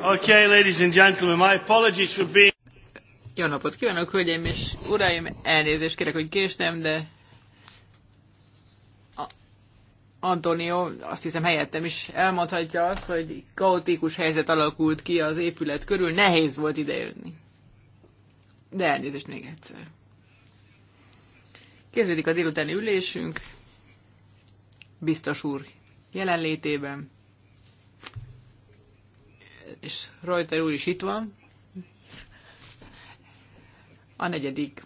Okay, ladies and gentlemen, my apologies for being... Jó napot kívánok, hölgyeim és uraim! Elnézést kérek, hogy késtem, de... A... Antonio, azt hiszem helyettem is elmondhatja azt, hogy kaotikus helyzet alakult ki az épület körül, nehéz volt idejönni. De elnézést még egyszer. Kezdődik a délutáni ülésünk, biztos úr jelenlétében és Reuter úr is itt van. A negyedik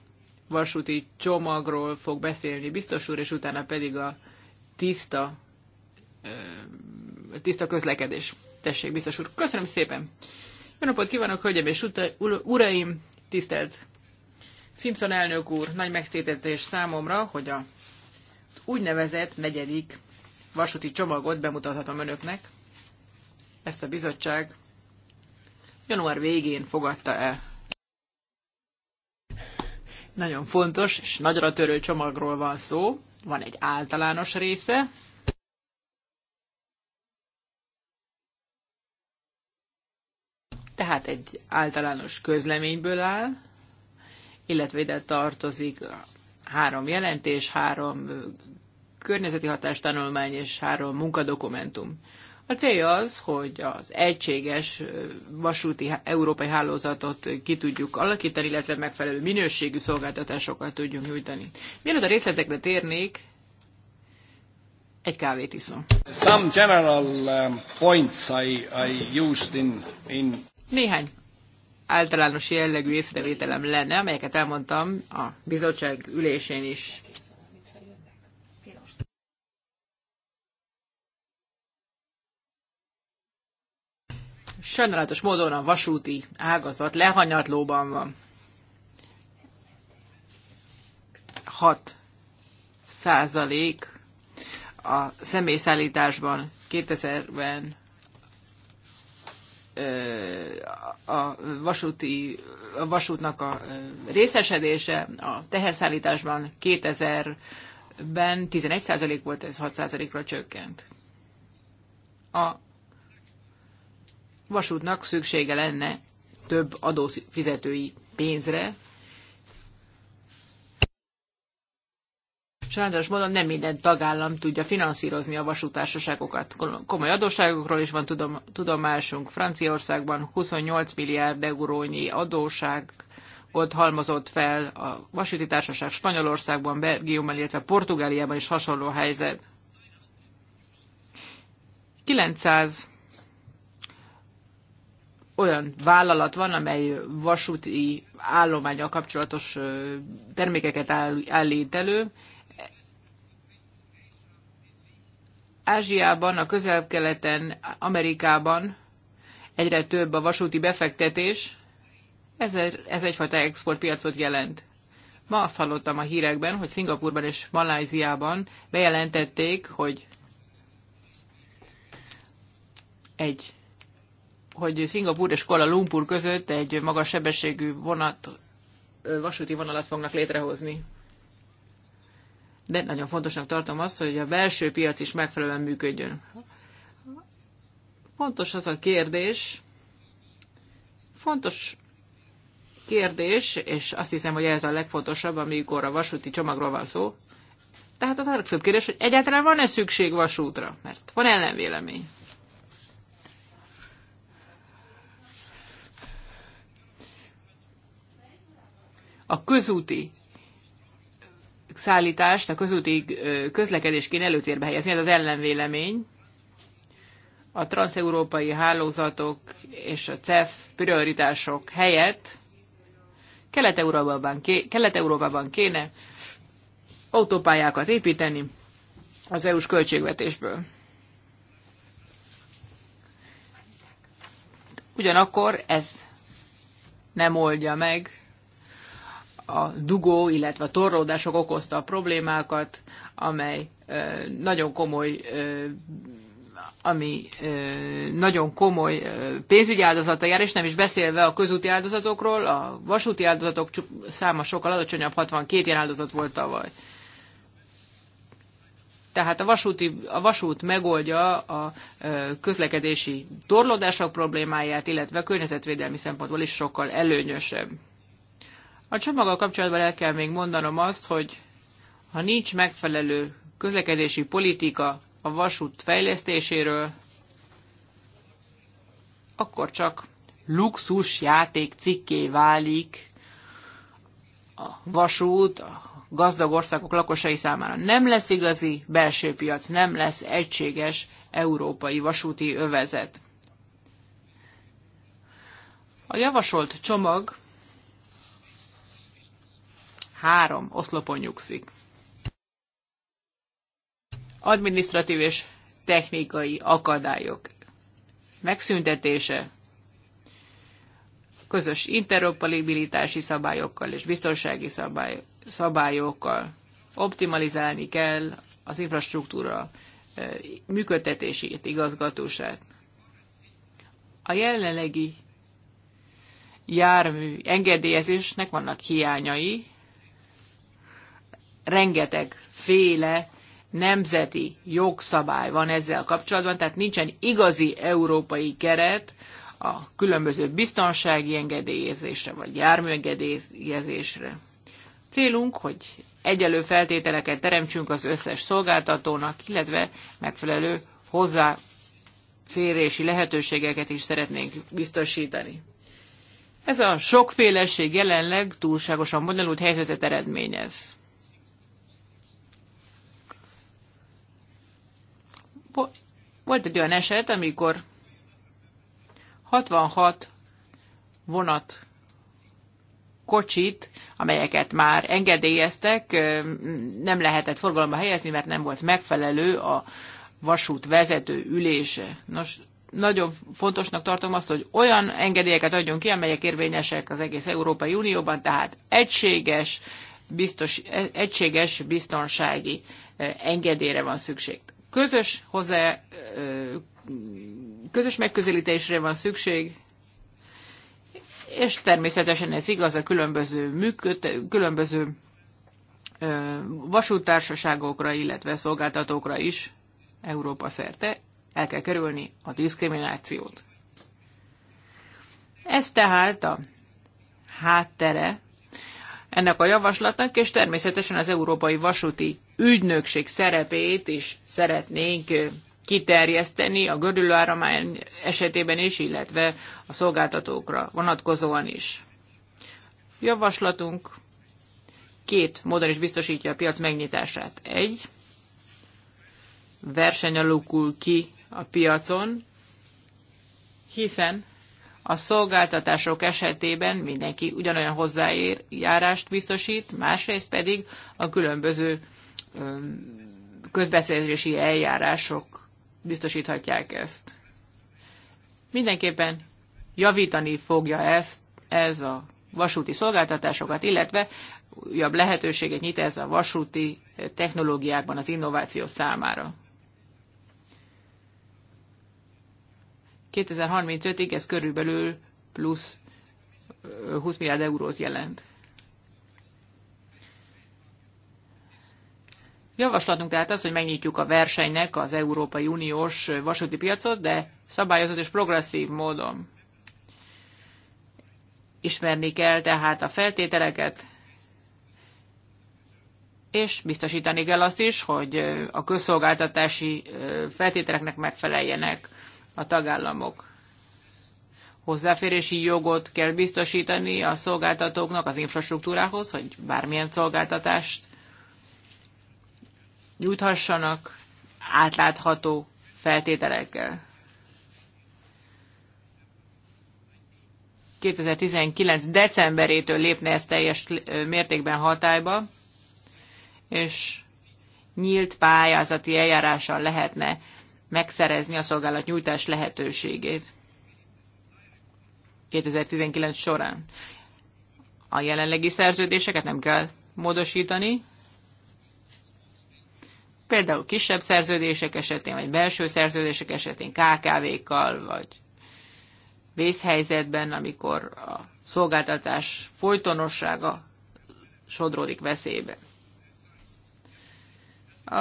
vasúti csomagról fog beszélni biztos úr, és utána pedig a tiszta, tiszta közlekedés. Tessék, biztos úr. Köszönöm szépen! Jó napot kívánok, hölgyeim és uraim! Tisztelt Simpson elnök úr, nagy megszétetés számomra, hogy a úgynevezett negyedik vasúti csomagot bemutathatom önöknek. Ezt a bizottság január végén fogadta el. Nagyon fontos és nagyra törő csomagról van szó. Van egy általános része, tehát egy általános közleményből áll, illetve ide tartozik három jelentés, három környezeti hatástanulmány és három munkadokumentum. A célja az, hogy az egységes vasúti európai hálózatot ki tudjuk alakítani, illetve megfelelő minőségű szolgáltatásokat tudjunk nyújtani. Mielőtt a részletekre térnék, egy kávét iszom. Some general um, points I, I used in, in... Néhány általános jellegű észrevételem lenne, amelyeket elmondtam a bizottság ülésén is Sajnálatos módon a vasúti ágazat lehanyatlóban van. 6 százalék a személyszállításban 2000-ben a vasúti, a vasútnak a részesedése, a teherszállításban 2000-ben 11% volt, ez 6%-ra csökkent. A vasútnak szüksége lenne több adófizetői pénzre. Sajnos módon nem minden tagállam tudja finanszírozni a vasútársaságokat. Komoly adósságokról is van tudom, tudomásunk. Franciaországban 28 milliárd eurónyi adóság ott halmozott fel a vasúti társaság Spanyolországban, Belgiumban, illetve Portugáliában is hasonló helyzet. 900 olyan vállalat van, amely vasúti állományal kapcsolatos termékeket állít elő. Ázsiában, a közel-keleten, Amerikában egyre több a vasúti befektetés, ez, ez egyfajta exportpiacot jelent. Ma azt hallottam a hírekben, hogy Szingapurban és Maláziában bejelentették, hogy egy hogy Szingapúr és Kuala Lumpur között egy magas sebességű vonat, vasúti vonalat fognak létrehozni. De nagyon fontosnak tartom azt, hogy a belső piac is megfelelően működjön. Fontos az a kérdés, fontos kérdés, és azt hiszem, hogy ez a legfontosabb, amikor a vasúti csomagról van szó. Tehát az a legfőbb kérdés, hogy egyáltalán van-e szükség vasútra? Mert van ellenvélemény. a közúti szállítást, a közúti közlekedés kéne előtérbe helyezni, ez az ellenvélemény. A transeurópai hálózatok és a CEF prioritások helyett Kelet-Európában, Kelet-Európában kéne autópályákat építeni az EU-s költségvetésből. Ugyanakkor ez nem oldja meg a dugó, illetve a torlódások okozta a problémákat, amely nagyon komoly ami nagyon komoly pénzügyi áldozata jár, és nem is beszélve a közúti áldozatokról, a vasúti áldozatok száma sokkal alacsonyabb, 62 ilyen áldozat volt tavaly. Tehát a, vasúti, a vasút megoldja a közlekedési torlódások problémáját, illetve a környezetvédelmi szempontból is sokkal előnyösebb. A csomaggal kapcsolatban el kell még mondanom azt, hogy ha nincs megfelelő közlekedési politika a vasút fejlesztéséről, akkor csak luxus játék cikké válik a vasút a gazdag országok lakosai számára. Nem lesz igazi belső piac, nem lesz egységes európai vasúti övezet. A javasolt csomag három oszlopon nyugszik. Administratív és technikai akadályok megszüntetése, közös interoperabilitási szabályokkal és biztonsági szabály, szabályokkal optimalizálni kell az infrastruktúra működtetését, igazgatóság. A jelenlegi jármű engedélyezésnek vannak hiányai, rengeteg féle nemzeti jogszabály van ezzel kapcsolatban, tehát nincsen igazi európai keret a különböző biztonsági engedélyezésre vagy járműengedélyezésre. Célunk, hogy egyelő feltételeket teremtsünk az összes szolgáltatónak, illetve megfelelő hozzáférési lehetőségeket is szeretnénk biztosítani. Ez a sokféleség jelenleg túlságosan bonyolult helyzetet eredményez. Volt egy olyan eset, amikor 66 vonat kocsit, amelyeket már engedélyeztek, nem lehetett forgalomba helyezni, mert nem volt megfelelő a vasút vezető ülése. Nos, nagyon fontosnak tartom azt, hogy olyan engedélyeket adjon ki, amelyek érvényesek az egész Európai Unióban, tehát egységes, biztos, e- egységes biztonsági engedélyre van szükség. Közös hozzá, közös megközelítésre van szükség, és természetesen ez igaz a különböző, működ, különböző vasútársaságokra, illetve szolgáltatókra is Európa szerte el kell kerülni a diszkriminációt. Ez tehát a háttere ennek a javaslatnak, és természetesen az Európai Vasúti Ügynökség szerepét is szeretnénk kiterjeszteni a gördülőáramány esetében is, illetve a szolgáltatókra vonatkozóan is. Javaslatunk két módon is biztosítja a piac megnyitását. Egy, verseny alakul ki a piacon, hiszen a szolgáltatások esetében mindenki ugyanolyan hozzájárást biztosít, másrészt pedig a különböző közbeszerzési eljárások biztosíthatják ezt. Mindenképpen javítani fogja ezt, ez a vasúti szolgáltatásokat, illetve újabb lehetőséget nyit ez a vasúti technológiákban az innováció számára. 2035-ig ez körülbelül plusz 20 milliárd eurót jelent. Javaslatunk tehát az, hogy megnyitjuk a versenynek az Európai Uniós vasúti piacot, de szabályozott és progresszív módon. Ismerni kell tehát a feltételeket, és biztosítani kell azt is, hogy a közszolgáltatási feltételeknek megfeleljenek a tagállamok. Hozzáférési jogot kell biztosítani a szolgáltatóknak az infrastruktúrához, hogy bármilyen szolgáltatást nyújthassanak átlátható feltételekkel. 2019. decemberétől lépne ez teljes mértékben hatályba, és nyílt pályázati eljárással lehetne megszerezni a szolgálatnyújtás lehetőségét 2019 során. A jelenlegi szerződéseket nem kell módosítani, például kisebb szerződések esetén, vagy belső szerződések esetén KKV-kkal, vagy vészhelyzetben, amikor a szolgáltatás folytonossága sodródik veszélybe. A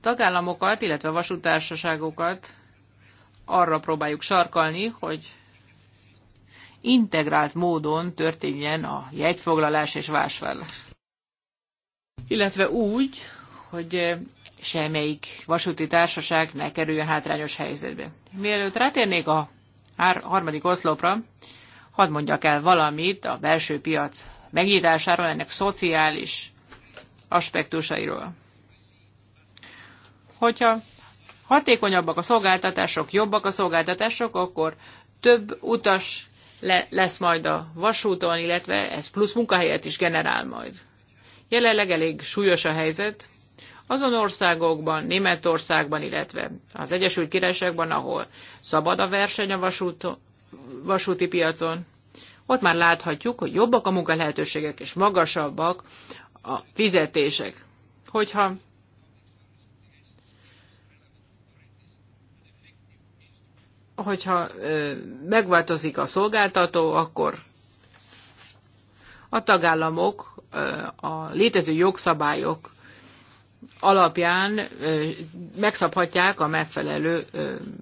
tagállamokat, illetve vasútársaságokat arra próbáljuk sarkalni, hogy integrált módon történjen a jegyfoglalás és vásárlás. Illetve úgy, hogy semmelyik vasúti társaság ne kerüljön hátrányos helyzetbe. Mielőtt rátérnék a harmadik oszlopra, hadd mondjak el valamit a belső piac megnyitásáról, ennek szociális aspektusairól. Hogyha hatékonyabbak a szolgáltatások, jobbak a szolgáltatások, akkor több utas le, lesz majd a vasúton, illetve ez plusz munkahelyet is generál majd. Jelenleg elég súlyos a helyzet. Azon országokban, Németországban, illetve az Egyesült Királyságban, ahol szabad a verseny a vasút, vasúti piacon, ott már láthatjuk, hogy jobbak a munkalehetőségek és magasabbak a fizetések. Hogyha hogyha megváltozik a szolgáltató, akkor a tagállamok a létező jogszabályok alapján megszabhatják a megfelelő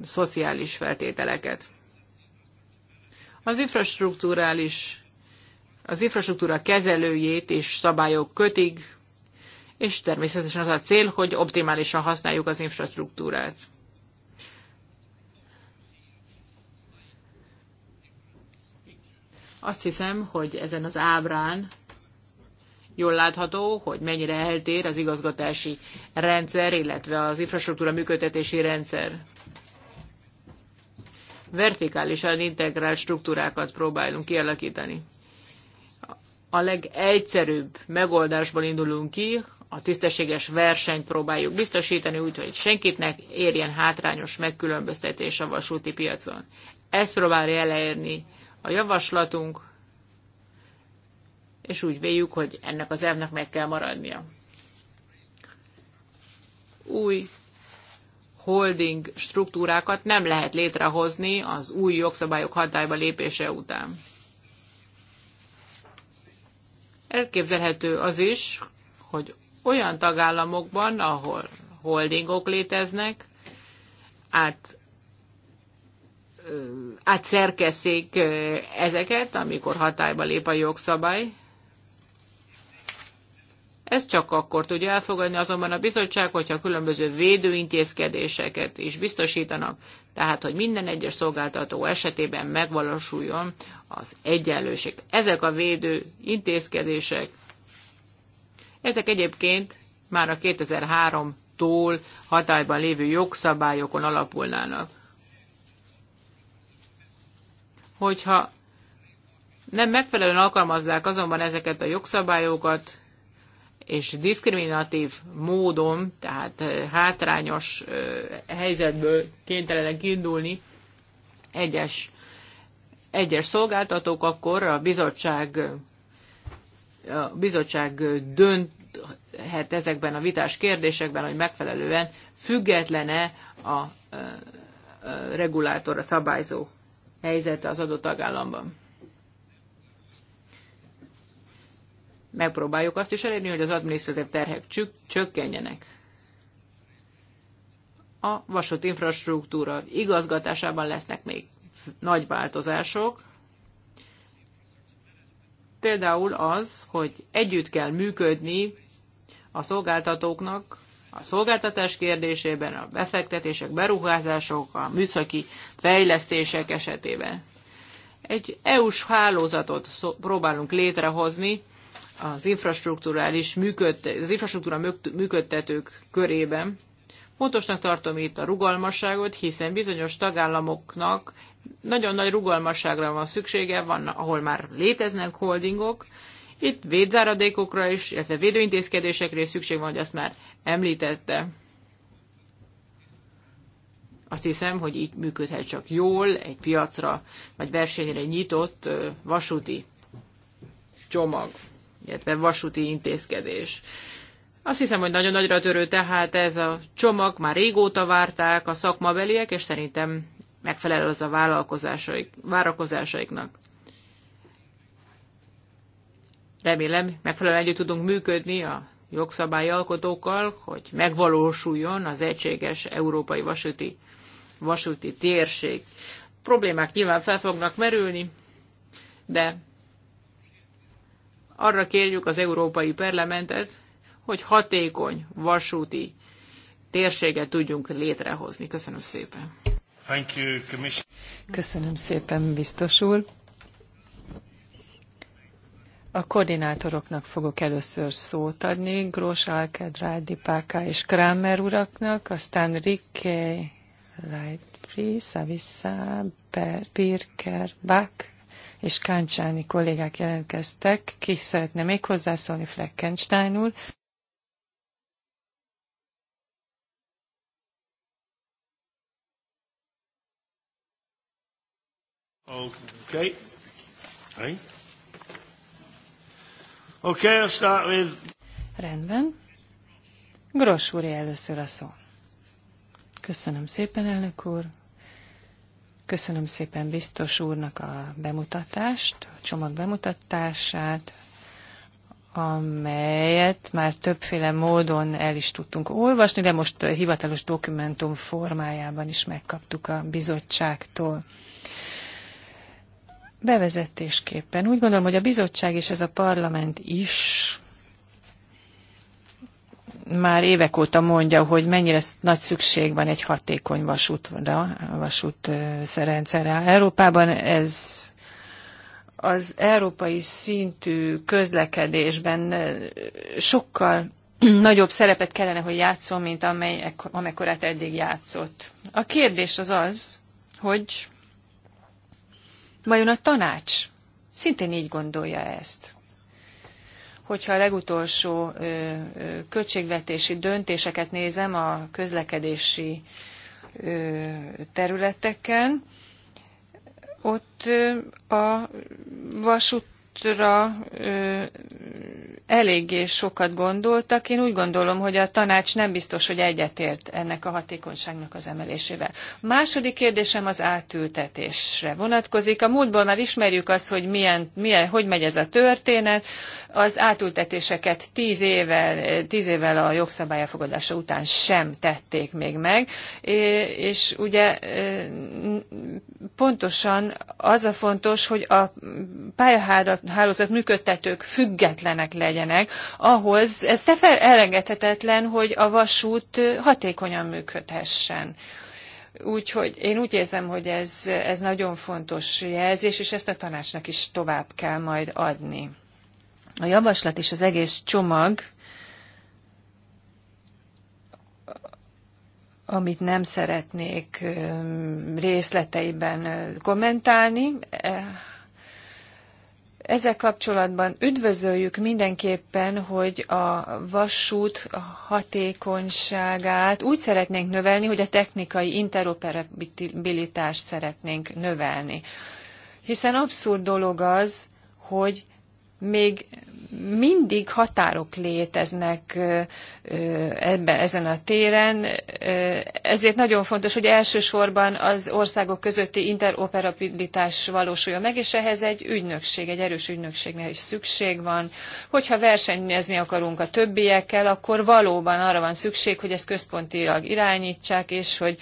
szociális feltételeket. Az infrastruktúrális, az infrastruktúra kezelőjét és szabályok kötik, és természetesen az a cél, hogy optimálisan használjuk az infrastruktúrát. Azt hiszem, hogy ezen az ábrán jól látható, hogy mennyire eltér az igazgatási rendszer, illetve az infrastruktúra működtetési rendszer. Vertikálisan integrált struktúrákat próbálunk kialakítani. A legegyszerűbb megoldásból indulunk ki, a tisztességes versenyt próbáljuk biztosítani, úgyhogy senkitnek érjen hátrányos megkülönböztetés a vasúti piacon. Ezt próbálja elérni a javaslatunk, és úgy véljük, hogy ennek az elvnek meg kell maradnia. Új holding struktúrákat nem lehet létrehozni az új jogszabályok hatályba lépése után. Elképzelhető az is, hogy olyan tagállamokban, ahol holdingok léteznek, át átszerkeszik ezeket, amikor hatályba lép a jogszabály. Ez csak akkor tudja elfogadni azonban a bizottság, hogyha különböző védőintézkedéseket is biztosítanak, tehát hogy minden egyes szolgáltató esetében megvalósuljon az egyenlőség. Ezek a védő intézkedések, ezek egyébként már a 2003-tól hatályban lévő jogszabályokon alapulnának hogyha nem megfelelően alkalmazzák azonban ezeket a jogszabályokat, és diszkriminatív módon, tehát hátrányos helyzetből kénytelenek indulni egyes, egyes szolgáltatók, akkor a bizottság, a bizottság dönthet ezekben a vitás kérdésekben, hogy megfelelően függetlene a regulátor, a szabályzó helyzete az adott tagállamban. Megpróbáljuk azt is elérni, hogy az adminisztratív terhek csökkenjenek. A vasút infrastruktúra igazgatásában lesznek még nagy változások, például az, hogy együtt kell működni a szolgáltatóknak, a szolgáltatás kérdésében, a befektetések, beruházások, a műszaki fejlesztések esetében. Egy EU-s hálózatot próbálunk létrehozni az infrastruktúrális működte, az infrastruktúra működtetők körében. Fontosnak tartom itt a rugalmasságot, hiszen bizonyos tagállamoknak nagyon nagy rugalmasságra van szüksége, van, ahol már léteznek holdingok, itt védzáradékokra is, illetve védőintézkedésekre is szükség van, hogy azt már említette. Azt hiszem, hogy így működhet csak jól egy piacra vagy versenyre nyitott vasúti csomag, illetve vasúti intézkedés. Azt hiszem, hogy nagyon nagyra törő tehát ez a csomag, már régóta várták a szakmabeliek, és szerintem megfelel az a vállalkozásaik, várakozásaiknak. Remélem, megfelelően együtt tudunk működni a jogszabályalkotókkal, hogy megvalósuljon az egységes európai vasúti, vasúti térség. Problémák nyilván fel fognak merülni, de arra kérjük az Európai Parlamentet, hogy hatékony vasúti térséget tudjunk létrehozni. Köszönöm szépen. Thank you, Köszönöm szépen, biztos úr. A koordinátoroknak fogok először szót adni, Grós Alkedrádi Páká és Kramer uraknak, aztán Rikke Lightfri, Savissa, Pirker, Bach és Káncsáni kollégák jelentkeztek. Ki szeretne még hozzászólni Fleckenstein úr? Okay. Hey. Okay, I'll start with... Rendben. Gross úr először a szó. Köszönöm szépen, elnök úr. Köszönöm szépen biztos úrnak a bemutatást, a csomag bemutatását, amelyet már többféle módon el is tudtunk olvasni, de most hivatalos dokumentum formájában is megkaptuk a bizottságtól bevezetésképpen. Úgy gondolom, hogy a bizottság és ez a parlament is már évek óta mondja, hogy mennyire nagy szükség van egy hatékony vasútra, vasútrendszerre. Európában ez az európai szintű közlekedésben sokkal nagyobb szerepet kellene, hogy játszom, mint amely, amekkorát eddig játszott. A kérdés az az, hogy Vajon a tanács szintén így gondolja ezt? Hogyha a legutolsó költségvetési döntéseket nézem a közlekedési területeken, ott a vasút pontra eléggé sokat gondoltak. Én úgy gondolom, hogy a tanács nem biztos, hogy egyetért ennek a hatékonyságnak az emelésével. A második kérdésem az átültetésre vonatkozik. A múltból már ismerjük azt, hogy milyen, milyen, hogy megy ez a történet. Az átültetéseket tíz évvel, tíz évvel a jogszabály elfogadása után sem tették még meg. És ugye pontosan az a fontos, hogy a pályahálózat hálózat működtetők függetlenek legyenek, ahhoz ez elengedhetetlen, hogy a vasút hatékonyan működhessen. Úgyhogy én úgy érzem, hogy ez, ez nagyon fontos jelzés, és ezt a tanácsnak is tovább kell majd adni. A javaslat és az egész csomag, amit nem szeretnék részleteiben kommentálni, eh, ezzel kapcsolatban üdvözöljük mindenképpen, hogy a vasút hatékonyságát úgy szeretnénk növelni, hogy a technikai interoperabilitást szeretnénk növelni. Hiszen abszurd dolog az, hogy még mindig határok léteznek ebben, ezen a téren, ezért nagyon fontos, hogy elsősorban az országok közötti interoperabilitás valósuljon meg, és ehhez egy ügynökség, egy erős ügynökségnek is szükség van. Hogyha versenyezni akarunk a többiekkel, akkor valóban arra van szükség, hogy ezt központilag irányítsák, és hogy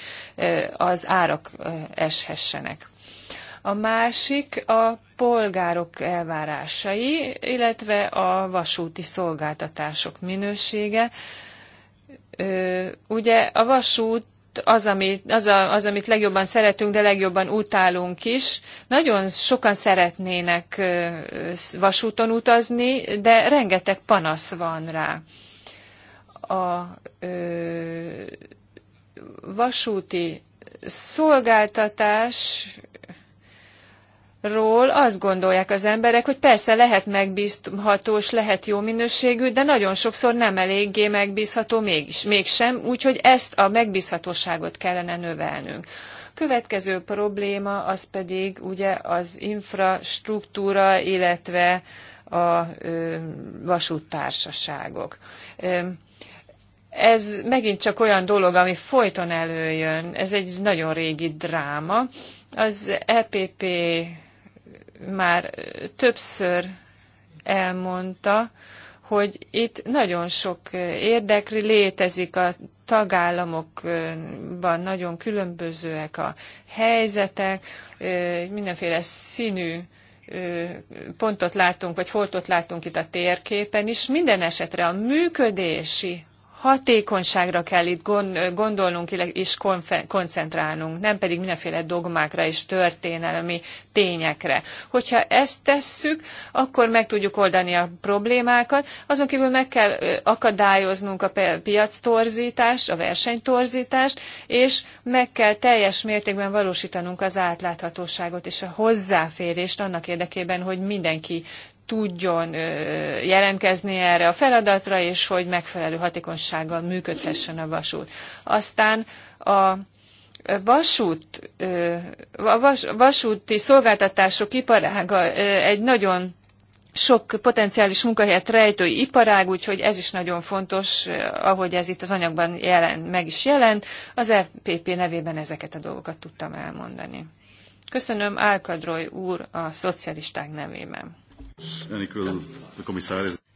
az árak eshessenek. A másik a polgárok elvárásai, illetve a vasúti szolgáltatások minősége. Ugye a vasút az, amit, az, a, az, amit legjobban szeretünk, de legjobban utálunk is. Nagyon sokan szeretnének vasúton utazni, de rengeteg panasz van rá. A ö, vasúti szolgáltatás ról azt gondolják az emberek, hogy persze lehet megbízhatós, lehet jó minőségű, de nagyon sokszor nem eléggé megbízható mégis, mégsem, úgyhogy ezt a megbízhatóságot kellene növelnünk. Következő probléma az pedig ugye az infrastruktúra, illetve a ö, vasúttársaságok. ez megint csak olyan dolog, ami folyton előjön. Ez egy nagyon régi dráma. Az EPP már többször elmondta, hogy itt nagyon sok érdekri létezik, a tagállamokban nagyon különbözőek a helyzetek, mindenféle színű pontot látunk, vagy foltot látunk itt a térképen is. Minden esetre a működési hatékonyságra kell itt gondolnunk és koncentrálnunk, nem pedig mindenféle dogmákra és történelmi tényekre. Hogyha ezt tesszük, akkor meg tudjuk oldani a problémákat, azon kívül meg kell akadályoznunk a piac torzítást, a versenytorzítást, és meg kell teljes mértékben valósítanunk az átláthatóságot és a hozzáférést annak érdekében, hogy mindenki tudjon jelentkezni erre a feladatra, és hogy megfelelő hatékonysággal működhessen a vasút. Aztán a vasút, a vas, vasúti szolgáltatások iparága egy nagyon sok potenciális munkahelyet rejtő iparág, úgyhogy ez is nagyon fontos, ahogy ez itt az anyagban jelen, meg is jelent. Az EPP nevében ezeket a dolgokat tudtam elmondani. Köszönöm Álkadroly úr a szocialisták nevében.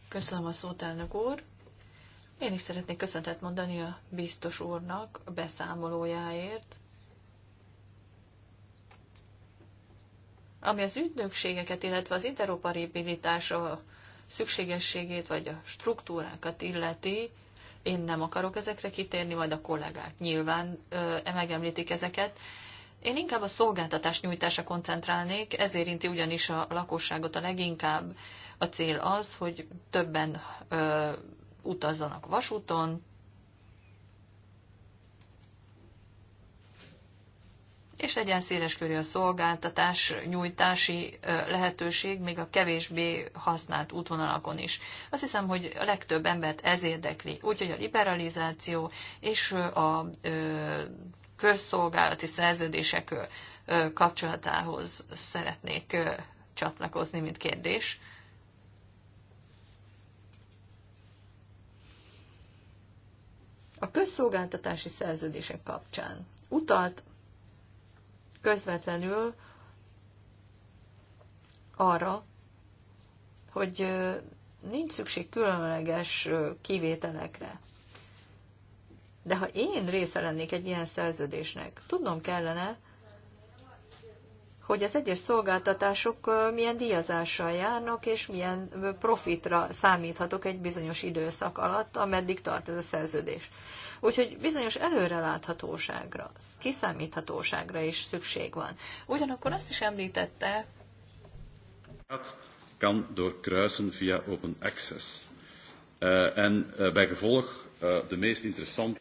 Köszönöm a szót, elnök úr. Én is szeretnék köszöntet mondani a biztos úrnak a beszámolójáért. Ami az ügynökségeket, illetve az interoperabilitása szükségességét vagy a struktúrákat illeti, én nem akarok ezekre kitérni, majd a kollégák nyilván ö, megemlítik ezeket. Én inkább a szolgáltatás nyújtása koncentrálnék, ez érinti ugyanis a lakosságot a leginkább. A cél az, hogy többen ö, utazzanak vasúton, és legyen széleskörű a szolgáltatás nyújtási lehetőség, még a kevésbé használt útvonalakon is. Azt hiszem, hogy a legtöbb embert ez érdekli. Úgyhogy a liberalizáció és a közszolgálati szerződések kapcsolatához szeretnék csatlakozni, mint kérdés. A közszolgáltatási szerződések kapcsán utalt közvetlenül arra, hogy nincs szükség különleges kivételekre. De ha én része lennék egy ilyen szerződésnek, tudnom kellene, hogy az egyes szolgáltatások milyen díjazással járnak, és milyen profitra számíthatok egy bizonyos időszak alatt, ameddig tart ez a szerződés. Úgyhogy bizonyos előreláthatóságra, kiszámíthatóságra is szükség van. Ugyanakkor azt is említette, kan doorkruisen via open access. Uh, en uh, bij gevolg uh, de meest interessante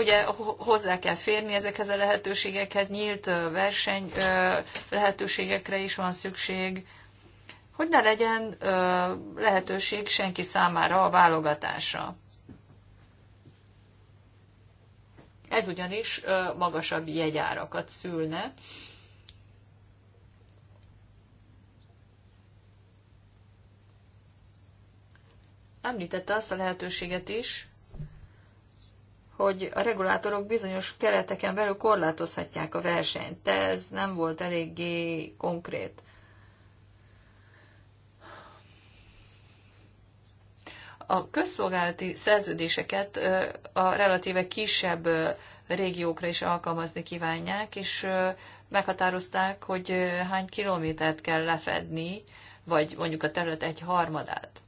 Ugye hozzá kell férni ezekhez a lehetőségekhez, nyílt verseny lehetőségekre is van szükség, hogy ne legyen lehetőség senki számára a válogatásra. Ez ugyanis magasabb jegyárakat szülne. Említette azt a lehetőséget is, hogy a regulátorok bizonyos kereteken belül korlátozhatják a versenyt, de ez nem volt eléggé konkrét. A közszolgálati szerződéseket a relatíve kisebb régiókra is alkalmazni kívánják, és meghatározták, hogy hány kilométert kell lefedni, vagy mondjuk a terület egy harmadát.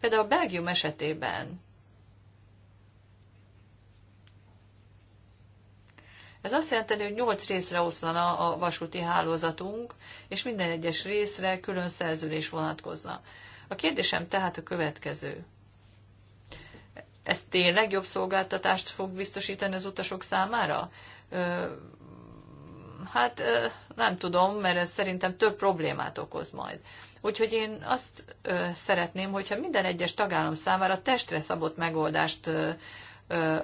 Például a Belgium esetében Ez azt jelenti, hogy 8 részre oszlana a vasúti hálózatunk, és minden egyes részre külön szerződés vonatkozna. A kérdésem tehát a következő. Ez tényleg jobb szolgáltatást fog biztosítani az utasok számára? hát nem tudom, mert ez szerintem több problémát okoz majd. Úgyhogy én azt szeretném, hogyha minden egyes tagállam számára testre szabott megoldást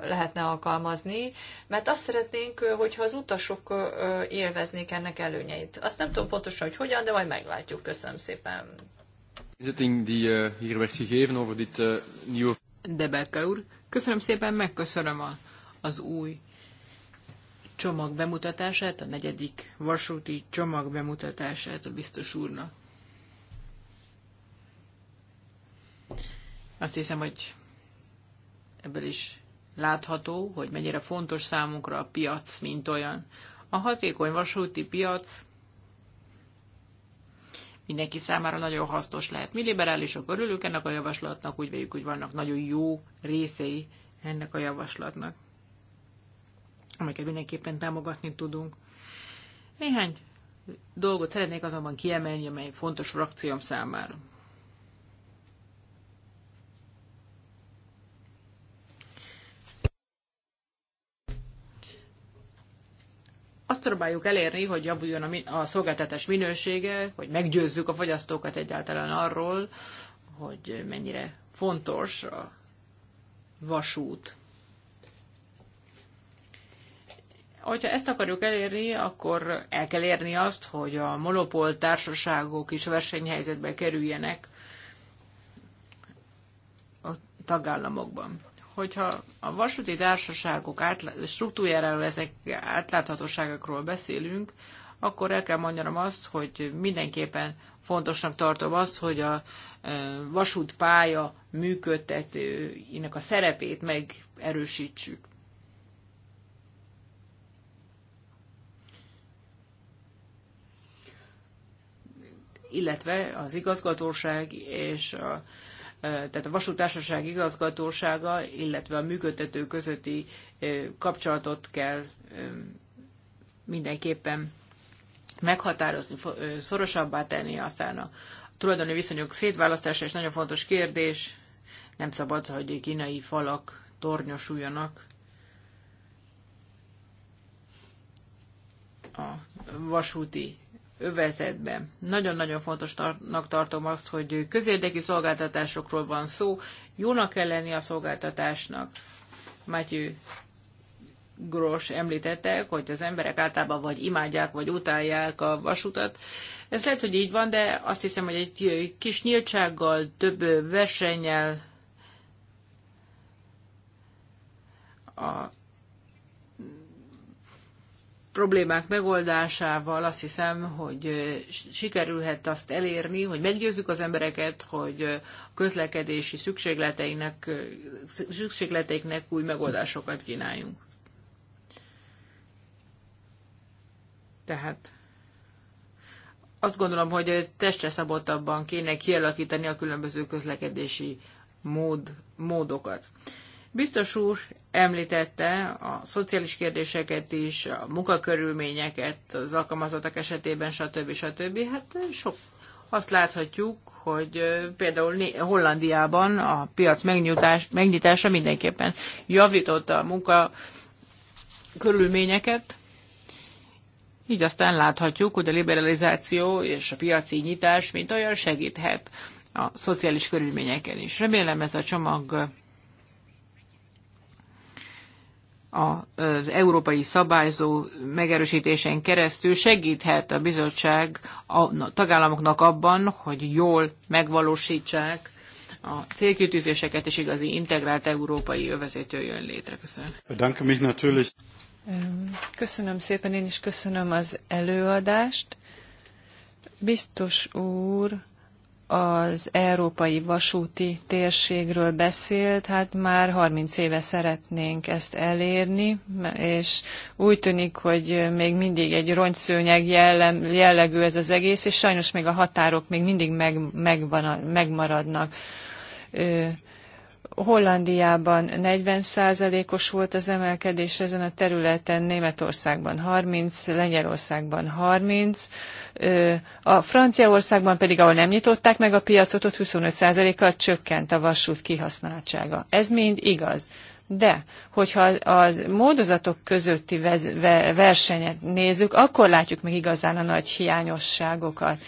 lehetne alkalmazni, mert azt szeretnénk, hogyha az utasok élveznék ennek előnyeit. Azt nem tudom pontosan, hogy hogyan, de majd meglátjuk. Köszönöm szépen. Zitting hier werd gegeven over dit nieuwe... De úr, köszönöm szépen, megköszönöm a, az új csomag bemutatását, a negyedik vasúti csomag bemutatását a biztos úrnak. Azt hiszem, hogy ebből is látható, hogy mennyire fontos számunkra a piac, mint olyan. A hatékony vasúti piac mindenki számára nagyon hasznos lehet. Mi liberálisok örülünk ennek a javaslatnak, úgy véljük, hogy vannak nagyon jó részei ennek a javaslatnak, amiket mindenképpen támogatni tudunk. Néhány dolgot szeretnék azonban kiemelni, amely fontos frakcióm számára. azt próbáljuk elérni, hogy javuljon a, min- a szolgáltatás minősége, hogy meggyőzzük a fogyasztókat egyáltalán arról, hogy mennyire fontos a vasút. Hogyha ezt akarjuk elérni, akkor el kell érni azt, hogy a monopól társaságok is versenyhelyzetbe kerüljenek a tagállamokban hogyha a vasúti társaságok átlá- struktúrájáról, ezek átláthatóságokról beszélünk, akkor el kell mondanom azt, hogy mindenképpen fontosnak tartom azt, hogy a e, vasútpálya működtetőinek a szerepét megerősítsük. illetve az igazgatóság és a tehát a vasútársaság igazgatósága, illetve a működtető közötti kapcsolatot kell mindenképpen meghatározni, szorosabbá tenni, aztán a tulajdoni viszonyok szétválasztása és nagyon fontos kérdés. Nem szabad, hogy kínai falak tornyosuljanak a vasúti övezetben. Nagyon-nagyon fontosnak tartom azt, hogy közérdekű szolgáltatásokról van szó, jónak kell lenni a szolgáltatásnak. Matthew Gross említette, hogy az emberek általában vagy imádják, vagy utálják a vasutat. Ez lehet, hogy így van, de azt hiszem, hogy egy kis nyíltsággal, több versennyel a problémák megoldásával azt hiszem, hogy sikerülhet azt elérni, hogy meggyőzzük az embereket, hogy a közlekedési szükségleteinek, szükségleteiknek új megoldásokat kínáljunk. Tehát azt gondolom, hogy testre szabottabban kéne kialakítani a különböző közlekedési mód, módokat. Biztos úr említette a szociális kérdéseket is, a munkakörülményeket, az alkalmazottak esetében, stb. stb. Hát sok. Azt láthatjuk, hogy például Hollandiában a piac megnyitás, megnyitása mindenképpen javította a munka körülményeket, így aztán láthatjuk, hogy a liberalizáció és a piaci nyitás mint olyan segíthet a szociális körülményeken is. Remélem ez a csomag az európai szabályzó megerősítésén keresztül segíthet a bizottság a tagállamoknak abban, hogy jól megvalósítsák a célkitűzéseket, és igazi integrált európai övezet jöjjön létre. Köszönöm. Köszönöm szépen, én is köszönöm az előadást. Biztos úr, az európai vasúti térségről beszélt, hát már 30 éve szeretnénk ezt elérni, és úgy tűnik, hogy még mindig egy rongyszőnyeg jellegű ez az egész, és sajnos még a határok még mindig meg, megvan, megmaradnak. Hollandiában 40%-os volt az emelkedés ezen a területen, Németországban 30, Lengyelországban 30, a Franciaországban pedig, ahol nem nyitották meg a piacot, ott 25%-kal csökkent a vasút kihasználtsága. Ez mind igaz. De, hogyha a módozatok közötti versenyet nézzük, akkor látjuk meg igazán a nagy hiányosságokat.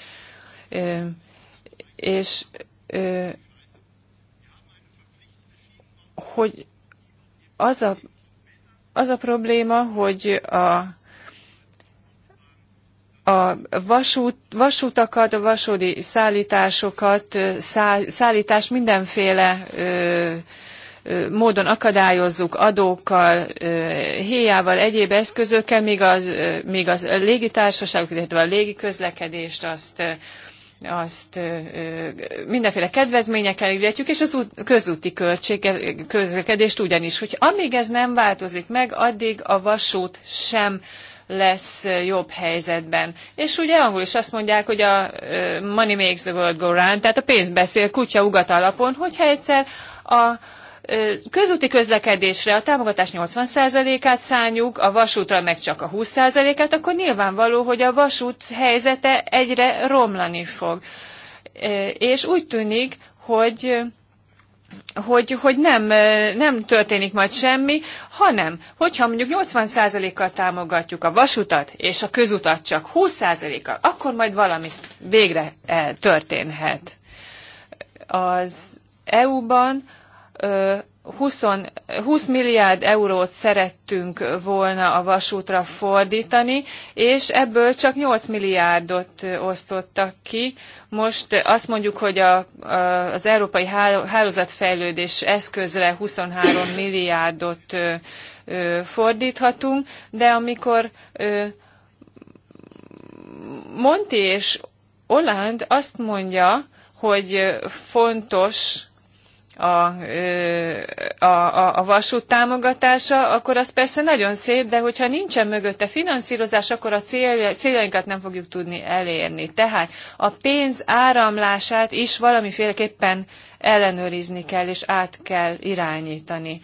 És hogy az a, az a probléma, hogy a a vasút, vasutakat, a vasúti szállításokat, szá, szállítás mindenféle ö, ö, módon akadályozzuk adókkal, ö, héjával, egyéb eszközökkel, míg az, még az légitársaságok, illetve a légiközlekedést azt azt mindenféle kedvezményekkel illetjük, és az közúti költség, közlekedést ugyanis, hogy amíg ez nem változik meg, addig a vasút sem lesz jobb helyzetben. És ugye angol is azt mondják, hogy a money makes the world go round, tehát a pénz beszél kutya ugat alapon, hogyha egyszer a közúti közlekedésre a támogatás 80%-át szánjuk, a vasútra meg csak a 20%-át, akkor nyilvánvaló, hogy a vasút helyzete egyre romlani fog. És úgy tűnik, hogy hogy, hogy nem, nem történik majd semmi, hanem hogyha mondjuk 80%-kal támogatjuk a vasutat, és a közutat csak 20%-kal, akkor majd valami végre eh, történhet. Az EU-ban 20, 20 milliárd eurót szerettünk volna a vasútra fordítani, és ebből csak 8 milliárdot osztottak ki. Most azt mondjuk, hogy a, az Európai Hálózatfejlődés eszközre 23 milliárdot fordíthatunk, de amikor Monti és Oland azt mondja, hogy fontos, a, a, a vasút támogatása, akkor az persze nagyon szép, de hogyha nincsen mögötte finanszírozás, akkor a céljainkat nem fogjuk tudni elérni. Tehát a pénz áramlását is valamiféleképpen ellenőrizni kell, és át kell irányítani.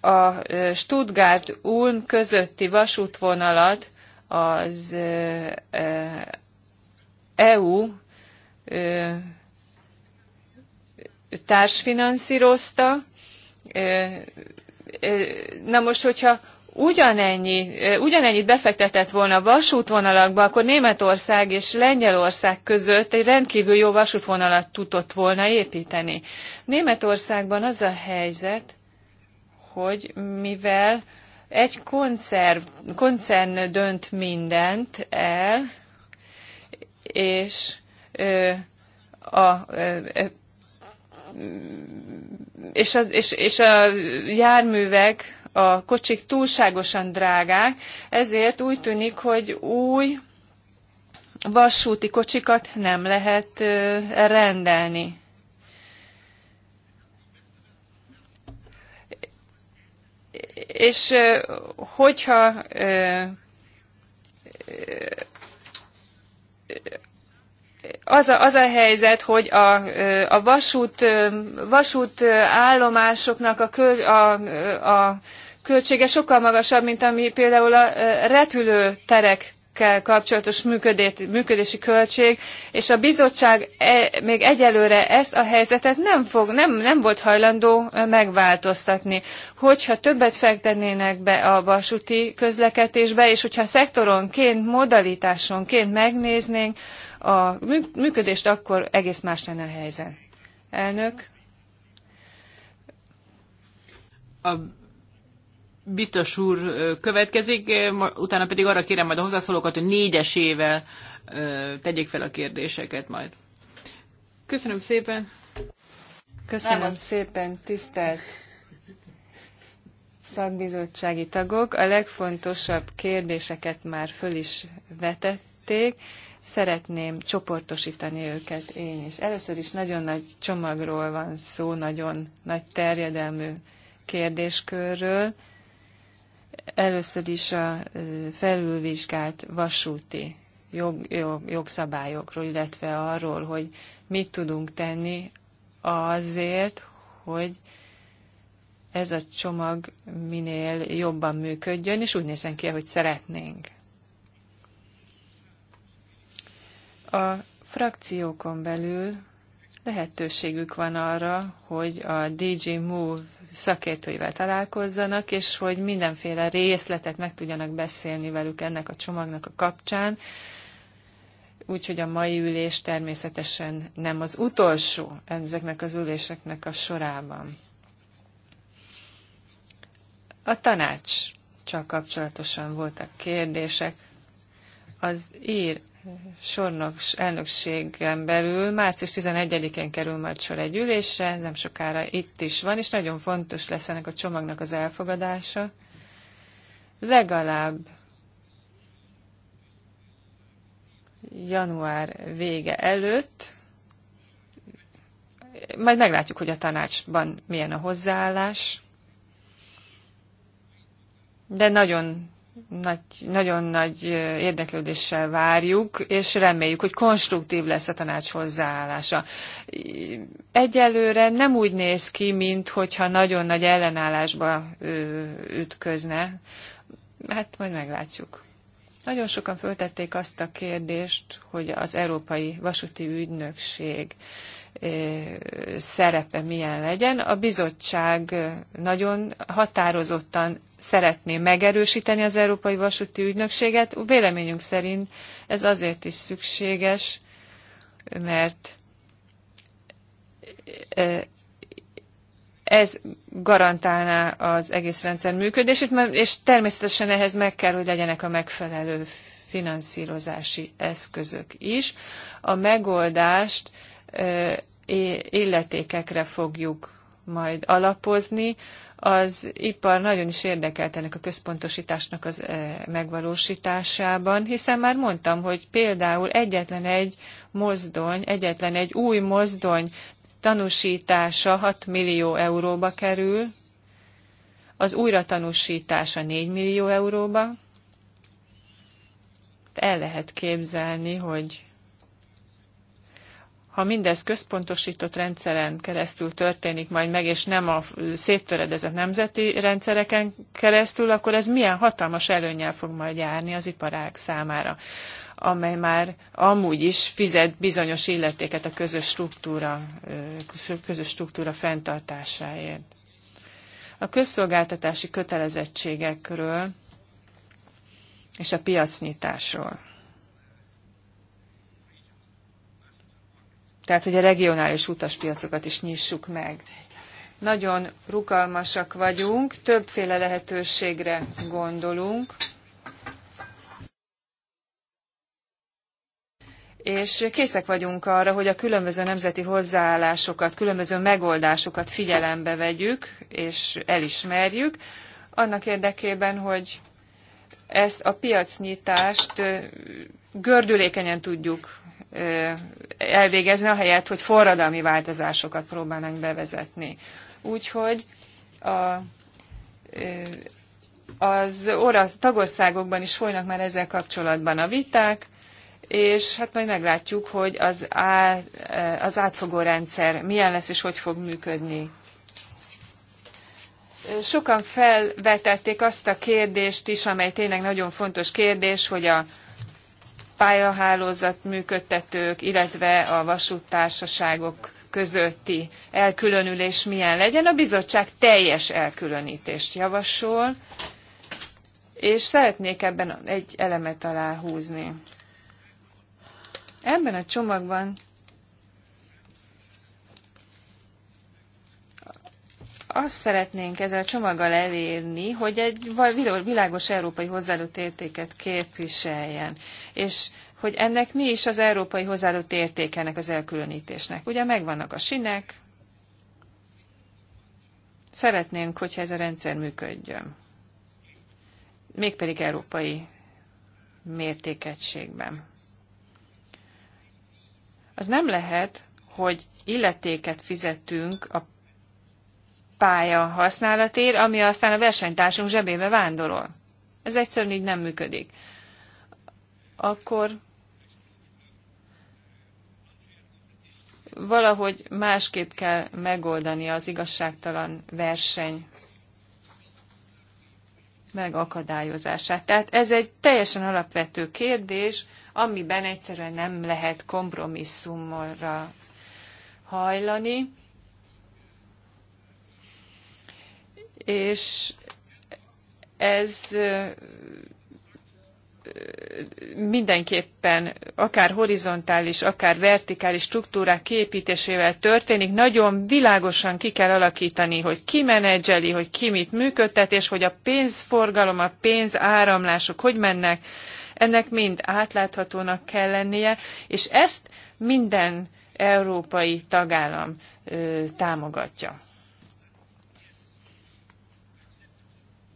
A Stuttgart-Ulm közötti vasútvonalat az EU társfinanszírozta. Na most, hogyha ugyanennyi, ugyanennyit befektetett volna vasútvonalakba, akkor Németország és Lengyelország között egy rendkívül jó vasútvonalat tudott volna építeni. Németországban az a helyzet, hogy mivel egy koncern, koncern dönt mindent el, és a és a, és, és a járművek, a kocsik túlságosan drágák, ezért úgy tűnik, hogy új vasúti kocsikat nem lehet rendelni. És hogyha az a, az a helyzet, hogy a, a vasút, vasút állomásoknak a, köl, a, a költsége sokkal magasabb, mint ami például a repülőterek kapcsolatos működési költség, és a bizottság e, még egyelőre ezt a helyzetet nem, fog, nem, nem volt hajlandó megváltoztatni. Hogyha többet fektetnének be a vasúti közlekedésbe, és hogyha szektoronként, modalitásonként megnéznénk, a működést, akkor egész más lenne a helyzet. Elnök. A biztos úr következik, utána pedig arra kérem majd a hozzászólókat, hogy négyesével tegyék fel a kérdéseket majd. Köszönöm szépen. Köszönöm Nem. szépen, tisztelt szakbizottsági tagok. A legfontosabb kérdéseket már föl is vetették szeretném csoportosítani őket én is. Először is nagyon nagy csomagról van szó, nagyon nagy terjedelmű kérdéskörről. Először is a felülvizsgált vasúti jog, jog, jogszabályokról, illetve arról, hogy mit tudunk tenni azért, hogy ez a csomag minél jobban működjön, és úgy nézzen ki, hogy szeretnénk. A frakciókon belül lehetőségük van arra, hogy a DG Move szakértőivel találkozzanak, és hogy mindenféle részletet meg tudjanak beszélni velük ennek a csomagnak a kapcsán. Úgyhogy a mai ülés természetesen nem az utolsó ezeknek az üléseknek a sorában. A tanács csak kapcsolatosan voltak kérdések, az ír sornok elnökségen belül március 11-én kerül majd sor egy ülésre, nem sokára itt is van, és nagyon fontos lesz ennek a csomagnak az elfogadása. Legalább január vége előtt, majd meglátjuk, hogy a tanácsban milyen a hozzáállás, de nagyon nagy, nagyon nagy érdeklődéssel várjuk, és reméljük, hogy konstruktív lesz a tanács hozzáállása. Egyelőre nem úgy néz ki, mint hogyha nagyon nagy ellenállásba ütközne. Hát majd meglátjuk. Nagyon sokan föltették azt a kérdést, hogy az Európai Vasúti Ügynökség szerepe milyen legyen. A bizottság nagyon határozottan szeretné megerősíteni az Európai Vasúti Ügynökséget. Véleményünk szerint ez azért is szükséges, mert e, ez garantálná az egész rendszer működését, és természetesen ehhez meg kell, hogy legyenek a megfelelő finanszírozási eszközök is. A megoldást e, illetékekre fogjuk majd alapozni, az ipar nagyon is érdekelt ennek a központosításnak az eh, megvalósításában, hiszen már mondtam, hogy például egyetlen egy mozdony, egyetlen egy új mozdony tanúsítása 6 millió euróba kerül, az újra tanúsítása 4 millió euróba. El lehet képzelni, hogy ha mindez központosított rendszeren keresztül történik majd meg, és nem a széttöredezett nemzeti rendszereken keresztül, akkor ez milyen hatalmas előnyel fog majd járni az iparág számára, amely már amúgy is fizet bizonyos illetéket a közös struktúra, közös struktúra fenntartásáért. A közszolgáltatási kötelezettségekről és a piacnyitásról. tehát hogy a regionális utaspiacokat is nyissuk meg. Nagyon rugalmasak vagyunk, többféle lehetőségre gondolunk, és készek vagyunk arra, hogy a különböző nemzeti hozzáállásokat, különböző megoldásokat figyelembe vegyük és elismerjük, annak érdekében, hogy ezt a piacnyitást gördülékenyen tudjuk elvégezni, ahelyett, hogy forradalmi változásokat próbálnánk bevezetni. Úgyhogy a, az óra tagországokban is folynak már ezzel kapcsolatban a viták, és hát majd meglátjuk, hogy az, á, az átfogó rendszer milyen lesz és hogy fog működni. Sokan felvetették azt a kérdést is, amely tényleg nagyon fontos kérdés, hogy a, pályahálózat működtetők, illetve a vasúttársaságok közötti elkülönülés milyen legyen. A bizottság teljes elkülönítést javasol, és szeretnék ebben egy elemet aláhúzni. Ebben a csomagban Azt szeretnénk ezzel a csomaggal elérni, hogy egy világos európai hozzáadott értéket képviseljen, és hogy ennek mi is az európai hozzáadott értékenek az elkülönítésnek. Ugye megvannak a sinek, szeretnénk, hogyha ez a rendszer működjön. Mégpedig európai mértékegységben. Az nem lehet, hogy illetéket fizetünk a pálya használatér, ami aztán a versenytársunk zsebébe vándorol. Ez egyszerűen így nem működik. Akkor valahogy másképp kell megoldani az igazságtalan verseny megakadályozását. Tehát ez egy teljesen alapvető kérdés, amiben egyszerűen nem lehet kompromisszumra hajlani. és ez mindenképpen akár horizontális, akár vertikális struktúrák kiépítésével történik, nagyon világosan ki kell alakítani, hogy ki menedzseli, hogy ki mit működtet, és hogy a pénzforgalom, a pénzáramlások hogy mennek, ennek mind átláthatónak kell lennie, és ezt minden európai tagállam ö, támogatja.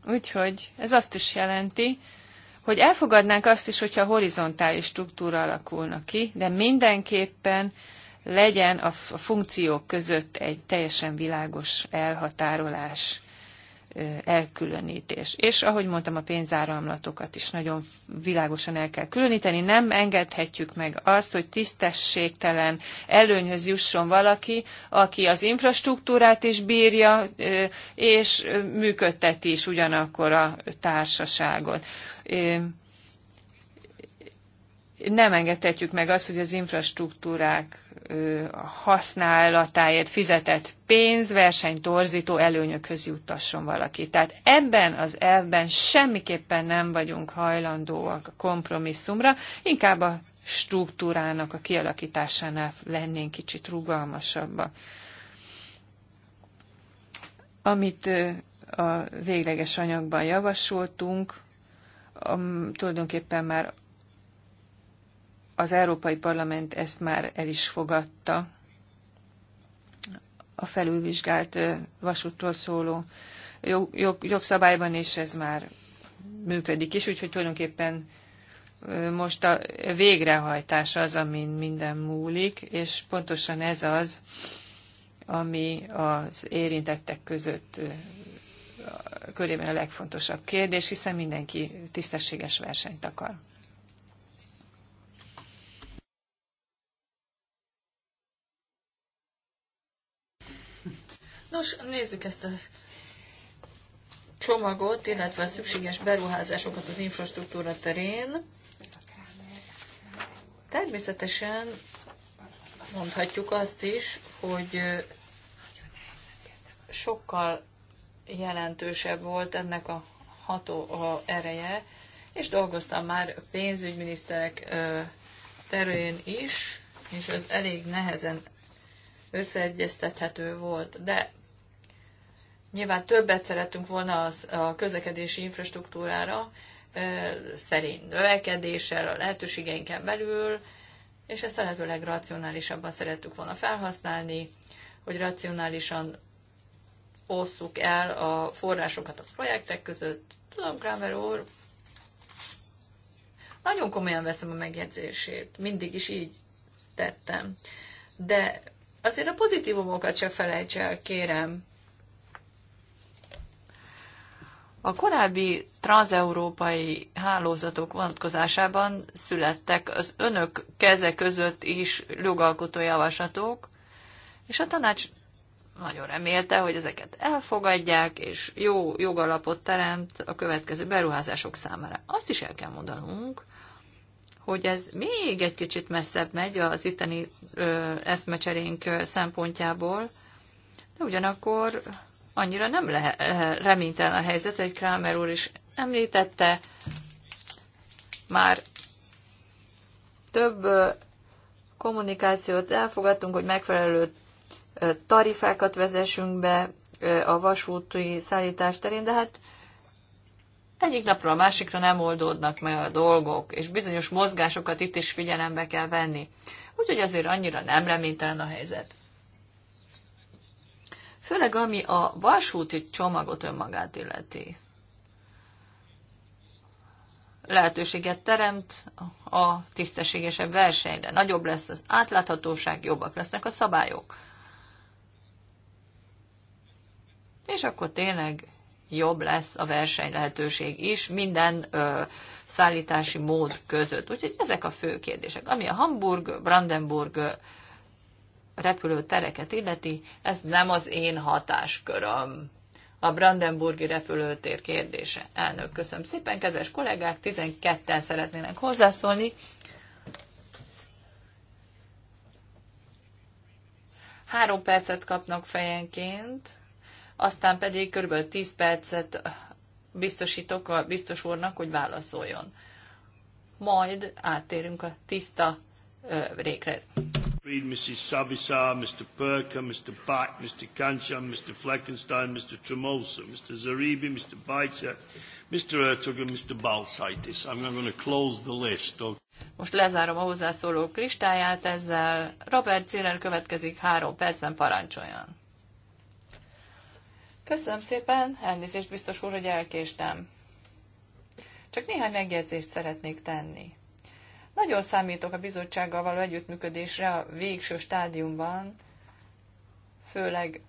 Úgyhogy ez azt is jelenti, hogy elfogadnánk azt is, hogyha horizontális struktúra alakulna ki, de mindenképpen legyen a funkciók között egy teljesen világos elhatárolás elkülönítés. És ahogy mondtam, a pénzáramlatokat is nagyon világosan el kell különíteni. Nem engedhetjük meg azt, hogy tisztességtelen előnyhöz jusson valaki, aki az infrastruktúrát is bírja, és működteti is ugyanakkor a társaságot nem engedhetjük meg azt, hogy az infrastruktúrák használatáért fizetett pénz versenytorzító előnyökhöz juttasson valaki. Tehát ebben az elvben semmiképpen nem vagyunk hajlandóak a kompromisszumra, inkább a struktúrának a kialakításánál lennénk kicsit rugalmasabbak. Amit a végleges anyagban javasoltunk, tulajdonképpen már az Európai Parlament ezt már el is fogadta a felülvizsgált vasútról szóló jog, jog, jogszabályban, és ez már működik is, úgyhogy tulajdonképpen most a végrehajtás az, amin minden múlik, és pontosan ez az, ami az érintettek között körében a legfontosabb kérdés, hiszen mindenki tisztességes versenyt akar. Nos, nézzük ezt a csomagot, illetve a szükséges beruházásokat az infrastruktúra terén. Természetesen mondhatjuk azt is, hogy sokkal jelentősebb volt ennek a ható a ereje, és dolgoztam már pénzügyminiszterek terén is, és ez elég nehezen összeegyeztethető volt. De Nyilván többet szerettünk volna az, a közlekedési infrastruktúrára, szerint növekedéssel, a lehetőségeinken belül, és ezt a lehető legracionálisabban szerettük volna felhasználni, hogy racionálisan osszuk el a forrásokat a projektek között. Tudom, Kramer úr, nagyon komolyan veszem a megjegyzését, mindig is így tettem. De azért a pozitívumokat se felejts el, kérem. A korábbi transeurópai hálózatok vonatkozásában születtek az önök keze között is jogalkotó javaslatok, és a tanács nagyon remélte, hogy ezeket elfogadják, és jó jogalapot teremt a következő beruházások számára. Azt is el kell mondanunk, hogy ez még egy kicsit messzebb megy az itteni ö, eszmecserénk szempontjából, de ugyanakkor annyira nem le- eh, reménytelen a helyzet, hogy Kramer úr is említette, már több eh, kommunikációt elfogadtunk, hogy megfelelő eh, tarifákat vezessünk be a vasúti szállítás terén, de hát egyik napról a másikra nem oldódnak meg a dolgok, és bizonyos mozgásokat itt is figyelembe kell venni. Úgyhogy azért annyira nem reménytelen a helyzet főleg ami a vasúti csomagot önmagát illeti. Lehetőséget teremt a tisztességesebb versenyre. Nagyobb lesz az átláthatóság, jobbak lesznek a szabályok. És akkor tényleg jobb lesz a verseny lehetőség is minden ö, szállítási mód között. Úgyhogy ezek a fő kérdések. Ami a Hamburg, Brandenburg, repülőtereket illeti, ez nem az én hatásköröm. A Brandenburgi repülőtér kérdése. Elnök, köszönöm szépen, kedves kollégák, 12-en szeretnének hozzászólni. Három percet kapnak fejenként, aztán pedig kb. 10 percet biztosítok a biztos úrnak, hogy válaszoljon. Majd áttérünk a tiszta ö, rékre. Reid, Mrs Savisaar, Mr Perker, Mr Back, Mr Kanchan, Mr Fleckenstein, Mr Tremolsa, Mr Zaribi, Mr Bajcek, Mr Ertug and Mr Balsaitis. I'm going to close the list. Okay. Most lezárom a hozzászólók listáját, ezzel Robert Ziller következik három percben, parancsoljon. Köszönöm szépen, elnézést biztos úr, hogy elkéstem. Csak néhány megjegyzést szeretnék tenni. Nagyon számítok a bizottsággal való együttműködésre a végső stádiumban, főleg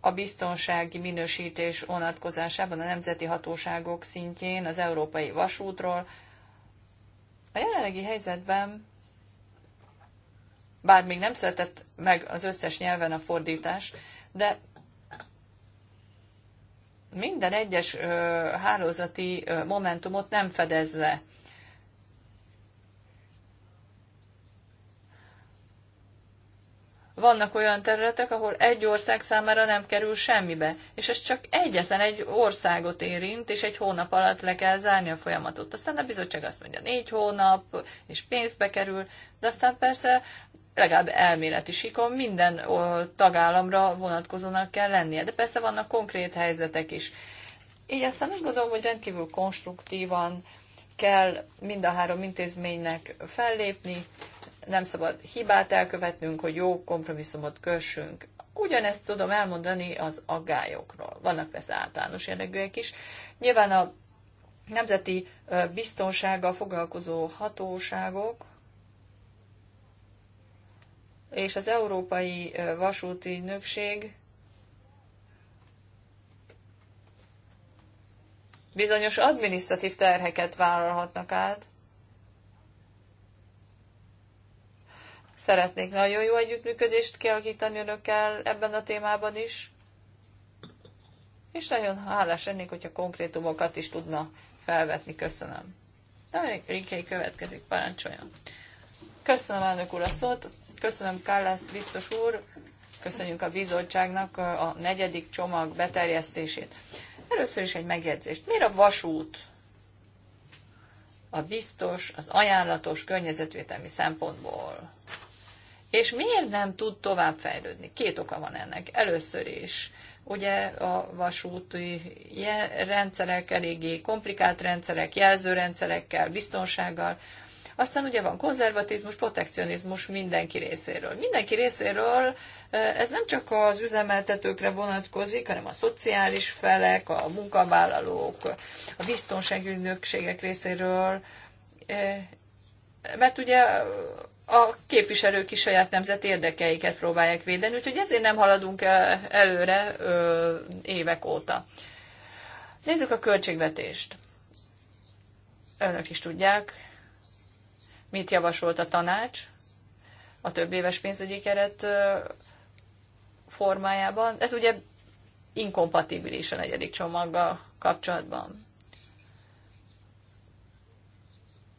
a biztonsági minősítés vonatkozásában a nemzeti hatóságok szintjén, az európai vasútról. A jelenlegi helyzetben, bár még nem született meg az összes nyelven a fordítás, de minden egyes hálózati momentumot nem fedez le. Vannak olyan területek, ahol egy ország számára nem kerül semmibe, és ez csak egyetlen egy országot érint, és egy hónap alatt le kell zárni a folyamatot. Aztán a bizottság azt mondja, négy hónap, és pénzbe kerül, de aztán persze legalább elméleti sikon minden tagállamra vonatkozónak kell lennie. De persze vannak konkrét helyzetek is. Így aztán úgy gondolom, hogy rendkívül konstruktívan kell mind a három intézménynek fellépni, nem szabad hibát elkövetnünk, hogy jó kompromisszumot kössünk. Ugyanezt tudom elmondani az aggályokról. Vannak persze általános jellegűek is. Nyilván a nemzeti biztonsággal foglalkozó hatóságok, és az Európai Vasúti Ügynökség bizonyos adminisztratív terheket vállalhatnak át. Szeretnék nagyon jó együttműködést kialakítani önökkel ebben a témában is, és nagyon hálás lennék, hogyha konkrétumokat is tudna felvetni. Köszönöm. Na, Rikei következik, parancsoljon. Köszönöm elnök úr a szót. Köszönöm, Kállász biztos úr, köszönjük a bizottságnak a negyedik csomag beterjesztését. Először is egy megjegyzést. Miért a vasút a biztos, az ajánlatos környezetvételmi szempontból? És miért nem tud továbbfejlődni? Két oka van ennek. Először is, ugye a vasúti rendszerek eléggé komplikált rendszerek, jelzőrendszerekkel, biztonsággal, aztán ugye van konzervatizmus, protekcionizmus mindenki részéről. Mindenki részéről ez nem csak az üzemeltetőkre vonatkozik, hanem a szociális felek, a munkavállalók, a biztonságügynökségek részéről, mert ugye a képviselők is saját nemzet érdekeiket próbálják védeni, úgyhogy ezért nem haladunk e, előre évek óta. Nézzük a költségvetést. Önök is tudják, mit javasolt a tanács a több éves pénzügyi keret formájában. Ez ugye inkompatibilis a negyedik csomaggal kapcsolatban.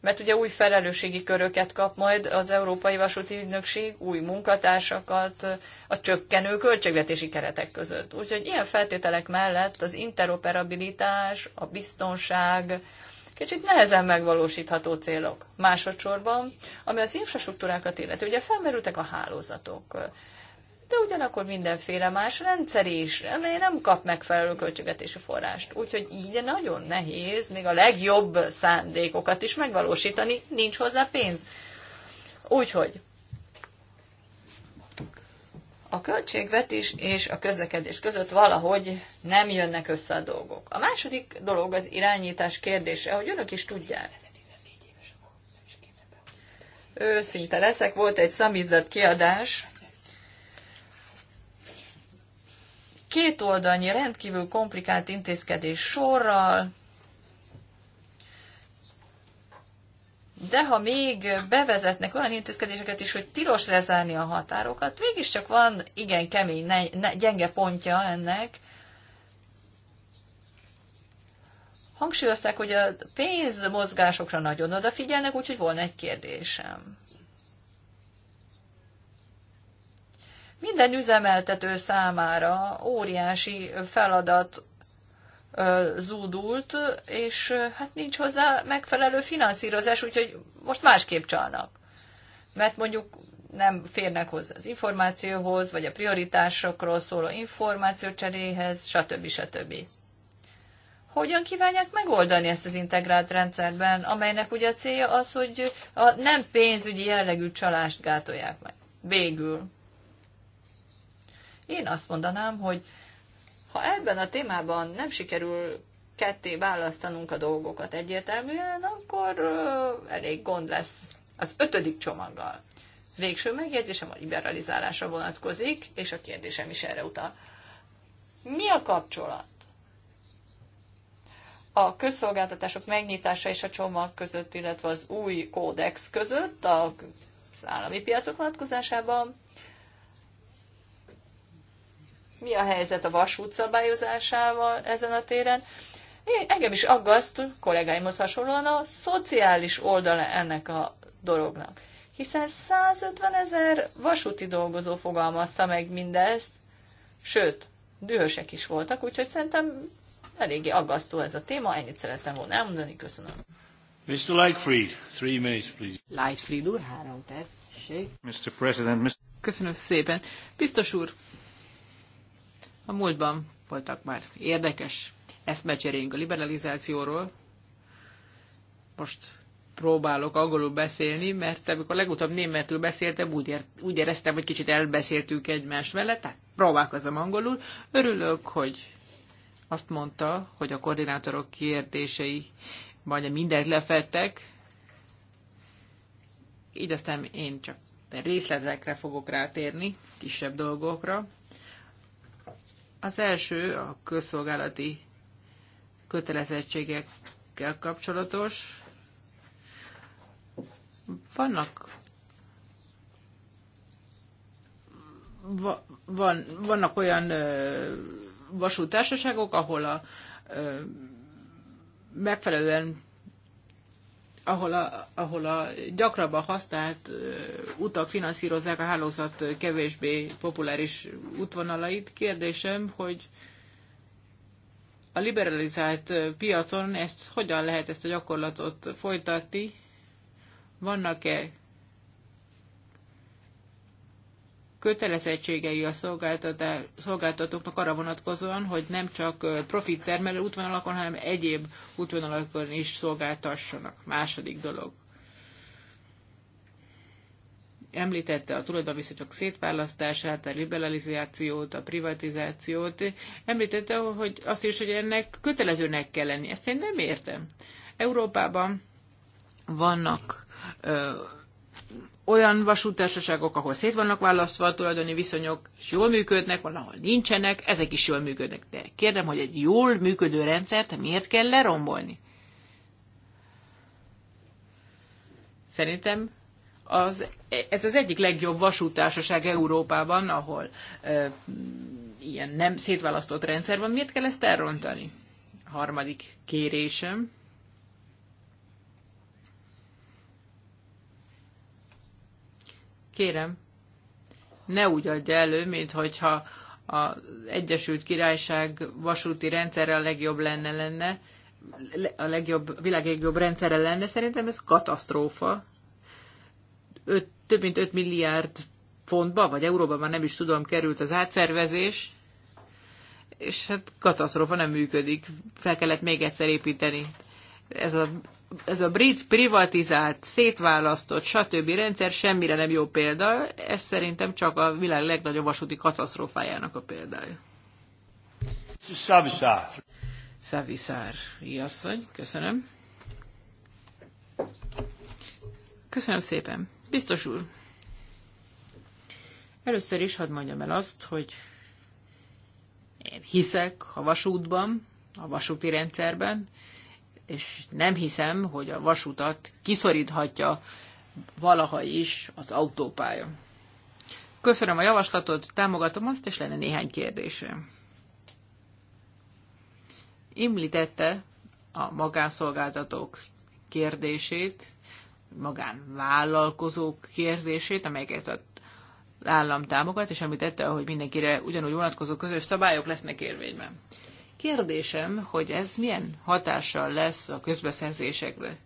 Mert ugye új felelősségi köröket kap majd az Európai Vasúti Ügynökség, új munkatársakat a csökkenő költségvetési keretek között. Úgyhogy ilyen feltételek mellett az interoperabilitás, a biztonság, kicsit nehezen megvalósítható célok. Másodszorban, ami az infrastruktúrákat illeti, ugye felmerültek a hálózatok, de ugyanakkor mindenféle más rendszer is, amely nem kap megfelelő költségetési forrást. Úgyhogy így nagyon nehéz még a legjobb szándékokat is megvalósítani, nincs hozzá pénz. Úgyhogy a költségvetés és a közlekedés között valahogy nem jönnek össze a dolgok. A második dolog az irányítás kérdése, hogy önök is tudják. Őszinte leszek, volt egy szamizdat kiadás, két oldalnyi rendkívül komplikált intézkedés sorral, de ha még bevezetnek olyan intézkedéseket is, hogy tilos lezárni a határokat, mégiscsak van igen kemény, ne, ne, gyenge pontja ennek. Hangsúlyozták, hogy a pénzmozgásokra nagyon odafigyelnek, úgyhogy volna egy kérdésem. Minden üzemeltető számára óriási feladat zúdult, és hát nincs hozzá megfelelő finanszírozás, úgyhogy most másképp csalnak. Mert mondjuk nem férnek hozzá az információhoz, vagy a prioritásokról szóló információcseréhez, stb. stb. Hogyan kívánják megoldani ezt az integrált rendszerben, amelynek ugye a célja az, hogy a nem pénzügyi jellegű csalást gátolják meg? Végül. Én azt mondanám, hogy ha ebben a témában nem sikerül ketté választanunk a dolgokat egyértelműen, akkor elég gond lesz az ötödik csomaggal. Végső megjegyzésem a liberalizálásra vonatkozik, és a kérdésem is erre utal. Mi a kapcsolat a közszolgáltatások megnyitása és a csomag között, illetve az új kódex között, az állami piacok vonatkozásában, mi a helyzet a vasút szabályozásával ezen a téren. Én, engem is aggaszt, kollégáimhoz hasonlóan, a szociális oldala ennek a dolognak. Hiszen 150 ezer vasúti dolgozó fogalmazta meg mindezt, sőt, dühösek is voltak, úgyhogy szerintem eléggé aggasztó ez a téma, ennyit szerettem volna elmondani, köszönöm. Mr. Lightfried, three minutes, please. Lightfried úr, három perc. Mr. President, Mr. Köszönöm szépen. Biztos úr, a múltban voltak már érdekes eszmecserénk a liberalizációról. Most próbálok angolul beszélni, mert amikor legutóbb németül beszéltem, úgy, ér, úgy éreztem, hogy kicsit elbeszéltünk egymás mellett, tehát próbálkozom angolul. Örülök, hogy azt mondta, hogy a koordinátorok kérdései majdnem mindent lefettek, így aztán én csak részletekre fogok rátérni, kisebb dolgokra. Az első a közszolgálati kötelezettségekkel kapcsolatos. Vannak van, vannak olyan vasútársaságok, ahol a megfelelően ahol a, ahol a gyakrabban használt utak finanszírozzák a hálózat kevésbé populáris útvonalait. Kérdésem, hogy a liberalizált piacon ezt hogyan lehet ezt a gyakorlatot folytatni? Vannak-e kötelezettségei a szolgáltatóknak arra vonatkozóan, hogy nem csak profit termelő útvonalakon, hanem egyéb útvonalakon is szolgáltassanak. Második dolog. Említette a tulajdonviszonyok szétválasztását, a liberalizációt, a privatizációt. Említette hogy azt is, hogy ennek kötelezőnek kell lenni. Ezt én nem értem. Európában vannak ö, olyan vasútársaságok, ahol szét vannak választva a tulajdoni viszonyok, és jól működnek, van, ahol nincsenek, ezek is jól működnek. De kérdem, hogy egy jól működő rendszert miért kell lerombolni? Szerintem az, ez az egyik legjobb vasútársaság Európában, ahol e, ilyen nem szétválasztott rendszer van. Miért kell ezt elrontani? A harmadik kérésem Kérem, ne úgy adja elő, mint hogyha az Egyesült Királyság vasúti rendszerre a legjobb lenne lenne, a legjobb, világ legjobb rendszerre lenne, szerintem ez katasztrófa. Öt, több mint 5 milliárd fontba, vagy euróban már nem is tudom, került az átszervezés, és hát katasztrófa nem működik, fel kellett még egyszer építeni. Ez a ez a brit privatizált, szétválasztott, stb. rendszer semmire nem jó példa, ez szerintem csak a világ legnagyobb vasúti katasztrófájának a példája. Szavisár. Szavisár, asszony, köszönöm. Köszönöm szépen. Biztos úr. Először is hadd mondjam el azt, hogy én hiszek a vasútban, a vasúti rendszerben, és nem hiszem, hogy a vasutat kiszoríthatja valaha is az autópálya. Köszönöm a javaslatot, támogatom azt, és lenne néhány kérdésem. Imlítette a magánszolgáltatók kérdését, magánvállalkozók kérdését, amelyeket a állam támogat, és említette, hogy mindenkire ugyanúgy vonatkozó közös szabályok lesznek érvényben. Kérdésem, hogy ez milyen hatással lesz a közbeszerzésekre?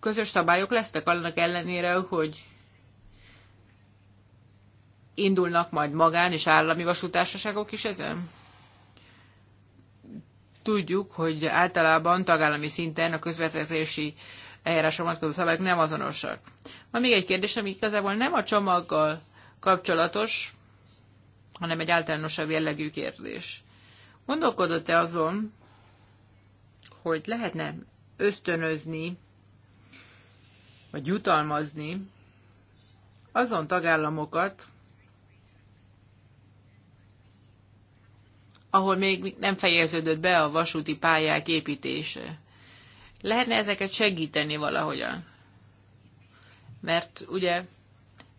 Közös szabályok lesznek annak ellenére, hogy indulnak majd magán és állami vasútársaságok is ezen? Tudjuk, hogy általában tagállami szinten a közbeszerzési eljárásra vonatkozó szabályok nem azonosak. Ma még egy kérdés, ami igazából nem a csomaggal kapcsolatos, hanem egy általánosabb jellegű kérdés. Gondolkodott-e azon, hogy lehetne ösztönözni, vagy jutalmazni azon tagállamokat, ahol még nem fejeződött be a vasúti pályák építése. Lehetne ezeket segíteni valahogyan? Mert ugye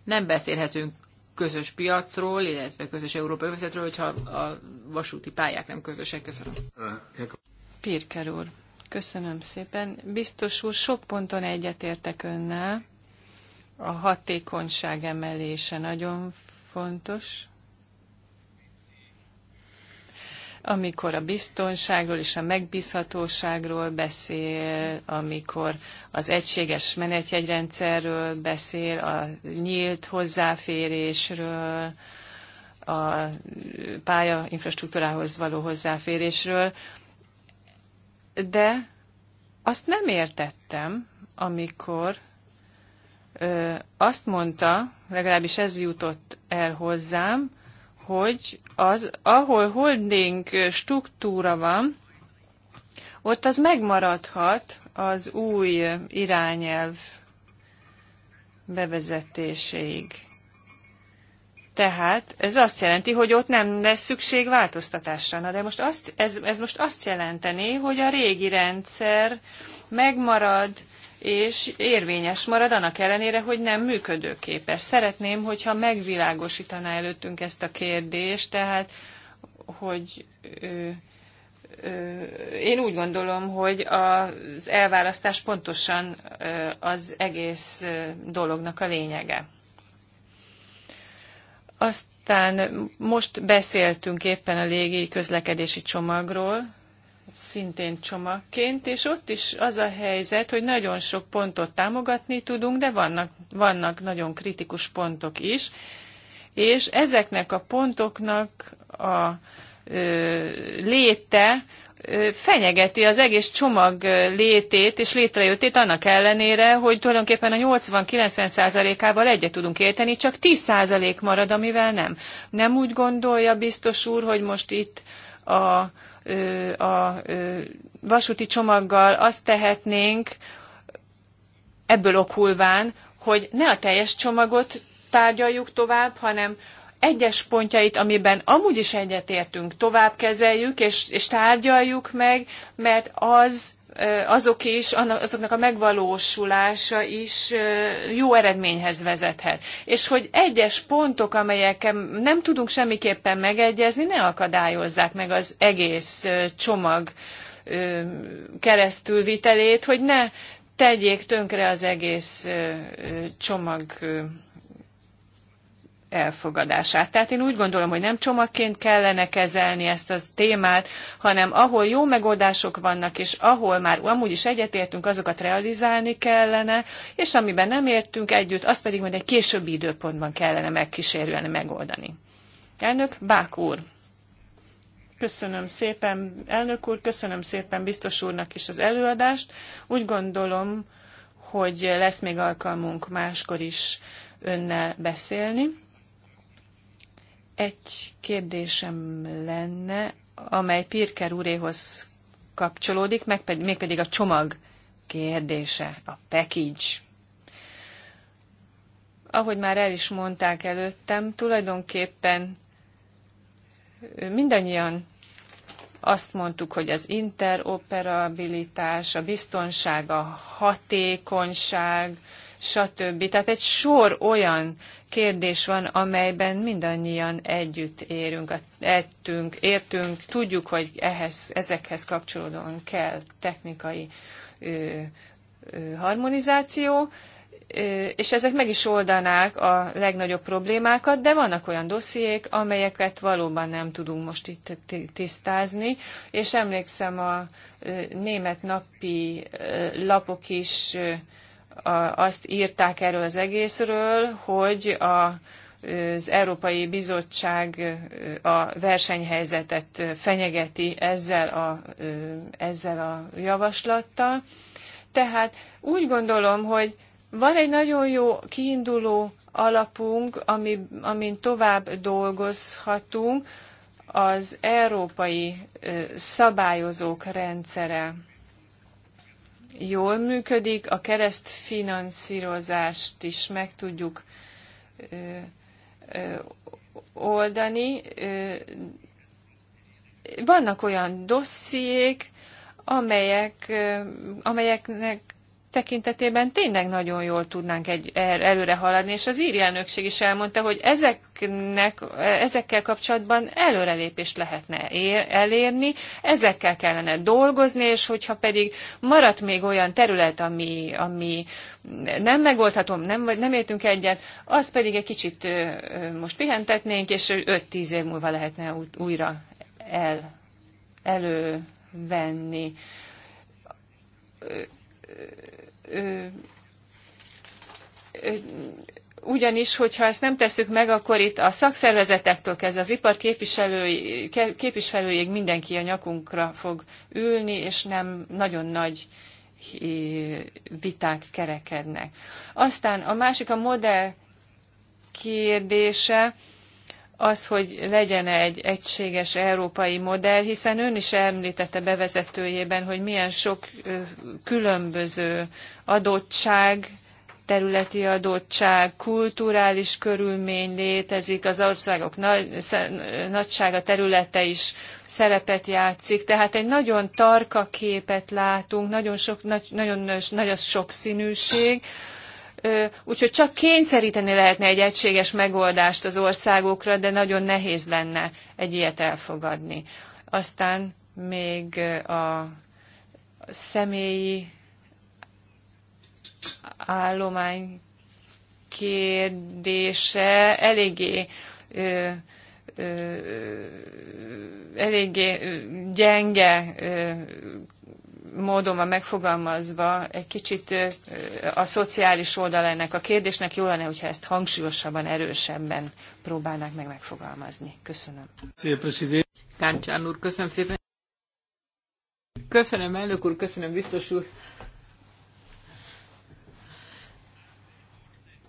nem beszélhetünk közös piacról, illetve közös európai vezetről, hogyha a vasúti pályák nem közösek. Köszönöm. Pirker úr, köszönöm szépen. Biztos úr, sok ponton egyetértek önnel. A hatékonyság emelése nagyon fontos. amikor a biztonságról és a megbízhatóságról beszél, amikor az egységes menetjegyrendszerről beszél, a nyílt hozzáférésről, a pálya infrastruktúrához való hozzáférésről, de azt nem értettem, amikor ö, azt mondta, legalábbis ez jutott el hozzám, hogy az, ahol holding struktúra van, ott az megmaradhat az új irányelv bevezetéséig. Tehát ez azt jelenti, hogy ott nem lesz szükség változtatásra. Na de most azt, ez, ez most azt jelenteni, hogy a régi rendszer megmarad, és érvényes marad annak ellenére, hogy nem működőképes. Szeretném, hogyha megvilágosítaná előttünk ezt a kérdést, tehát hogy ö, ö, én úgy gondolom, hogy az elválasztás pontosan az egész dolognak a lényege. Aztán most beszéltünk éppen a légi közlekedési csomagról, szintén csomagként, és ott is az a helyzet, hogy nagyon sok pontot támogatni tudunk, de vannak, vannak nagyon kritikus pontok is, és ezeknek a pontoknak a ö, léte ö, fenyegeti az egész csomag létét és létrejöttét annak ellenére, hogy tulajdonképpen a 80-90 százalékával egyet tudunk érteni, csak 10 százalék marad, amivel nem. Nem úgy gondolja biztos úr, hogy most itt a a vasúti csomaggal azt tehetnénk, ebből okulván, hogy ne a teljes csomagot tárgyaljuk tovább, hanem egyes pontjait, amiben amúgy is egyetértünk, tovább kezeljük és, és tárgyaljuk meg, mert az azok is, azoknak a megvalósulása is jó eredményhez vezethet. És hogy egyes pontok, amelyeken nem tudunk semmiképpen megegyezni, ne akadályozzák meg az egész csomag keresztülvitelét, hogy ne tegyék tönkre az egész csomag elfogadását. Tehát én úgy gondolom, hogy nem csomagként kellene kezelni ezt a témát, hanem ahol jó megoldások vannak, és ahol már amúgy is egyetértünk, azokat realizálni kellene, és amiben nem értünk együtt, azt pedig majd egy későbbi időpontban kellene megkísérülni megoldani. Elnök Bák úr. Köszönöm szépen, elnök úr, köszönöm szépen biztos úrnak is az előadást. Úgy gondolom, hogy lesz még alkalmunk máskor is önnel beszélni egy kérdésem lenne, amely Pirker úréhoz kapcsolódik, meg pedig, mégpedig a csomag kérdése, a package. Ahogy már el is mondták előttem, tulajdonképpen mindannyian azt mondtuk, hogy az interoperabilitás, a biztonság, a hatékonyság, stb. Tehát egy sor olyan kérdés van, amelyben mindannyian együtt érünk, ettünk, értünk, tudjuk, hogy ehhez, ezekhez kapcsolódóan kell technikai ö, ö, harmonizáció, ö, és ezek meg is oldanák a legnagyobb problémákat, de vannak olyan dossziék, amelyeket valóban nem tudunk most itt tisztázni, és emlékszem a ö, német napi ö, lapok is ö, azt írták erről az egészről, hogy a, az Európai Bizottság a versenyhelyzetet fenyegeti ezzel a, ezzel a javaslattal. Tehát úgy gondolom, hogy van egy nagyon jó kiinduló alapunk, ami, amin tovább dolgozhatunk, az európai szabályozók rendszere jól működik, a keresztfinanszírozást is meg tudjuk oldani. Vannak olyan dossziék, amelyek, amelyeknek tekintetében tényleg nagyon jól tudnánk egy, előre haladni, és az íri elnökség is elmondta, hogy ezeknek, ezekkel kapcsolatban előrelépést lehetne ér, elérni, ezekkel kellene dolgozni, és hogyha pedig maradt még olyan terület, ami, ami nem megoldható, nem, nem értünk egyet, azt pedig egy kicsit most pihentetnénk, és 5-10 év múlva lehetne újra el, elővenni ugyanis, hogyha ezt nem tesszük meg, akkor itt a szakszervezetektől kezdve az ipar képviselői, képviselőjéig mindenki a nyakunkra fog ülni, és nem nagyon nagy viták kerekednek. Aztán a másik a modell kérdése, az, hogy legyen egy egységes európai modell, hiszen ön is említette bevezetőjében, hogy milyen sok különböző adottság, területi adottság, kulturális körülmény létezik, az országok nagysága területe is szerepet játszik. Tehát egy nagyon tarka képet látunk, nagyon sok, nagy, nagyon nagy a sokszínűség, úgyhogy csak kényszeríteni lehetne egy egységes megoldást az országokra, de nagyon nehéz lenne egy ilyet elfogadni. Aztán még a személyi állomány kérdése eléggé ö, ö, eléggé gyenge módon van megfogalmazva, egy kicsit a szociális oldal ennek a kérdésnek jó lenne, hogyha ezt hangsúlyosabban, erősebben próbálnák meg megfogalmazni. Köszönöm. Kárcsán úr, köszönöm szépen. Köszönöm, elnök úr, köszönöm, biztos úr.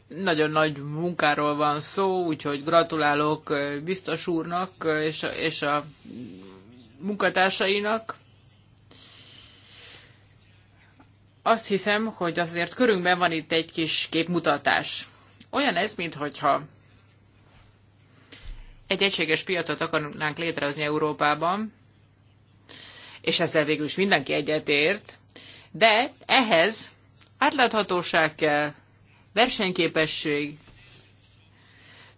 Nagyon nagy munkáról van szó, úgyhogy gratulálok biztos úrnak és a, és a munkatársainak Azt hiszem, hogy azért körünkben van itt egy kis képmutatás. Olyan ez, mintha egy egységes piacot akarnánk létrehozni Európában, és ezzel végül is mindenki egyetért, de ehhez átláthatóság kell, versenyképesség,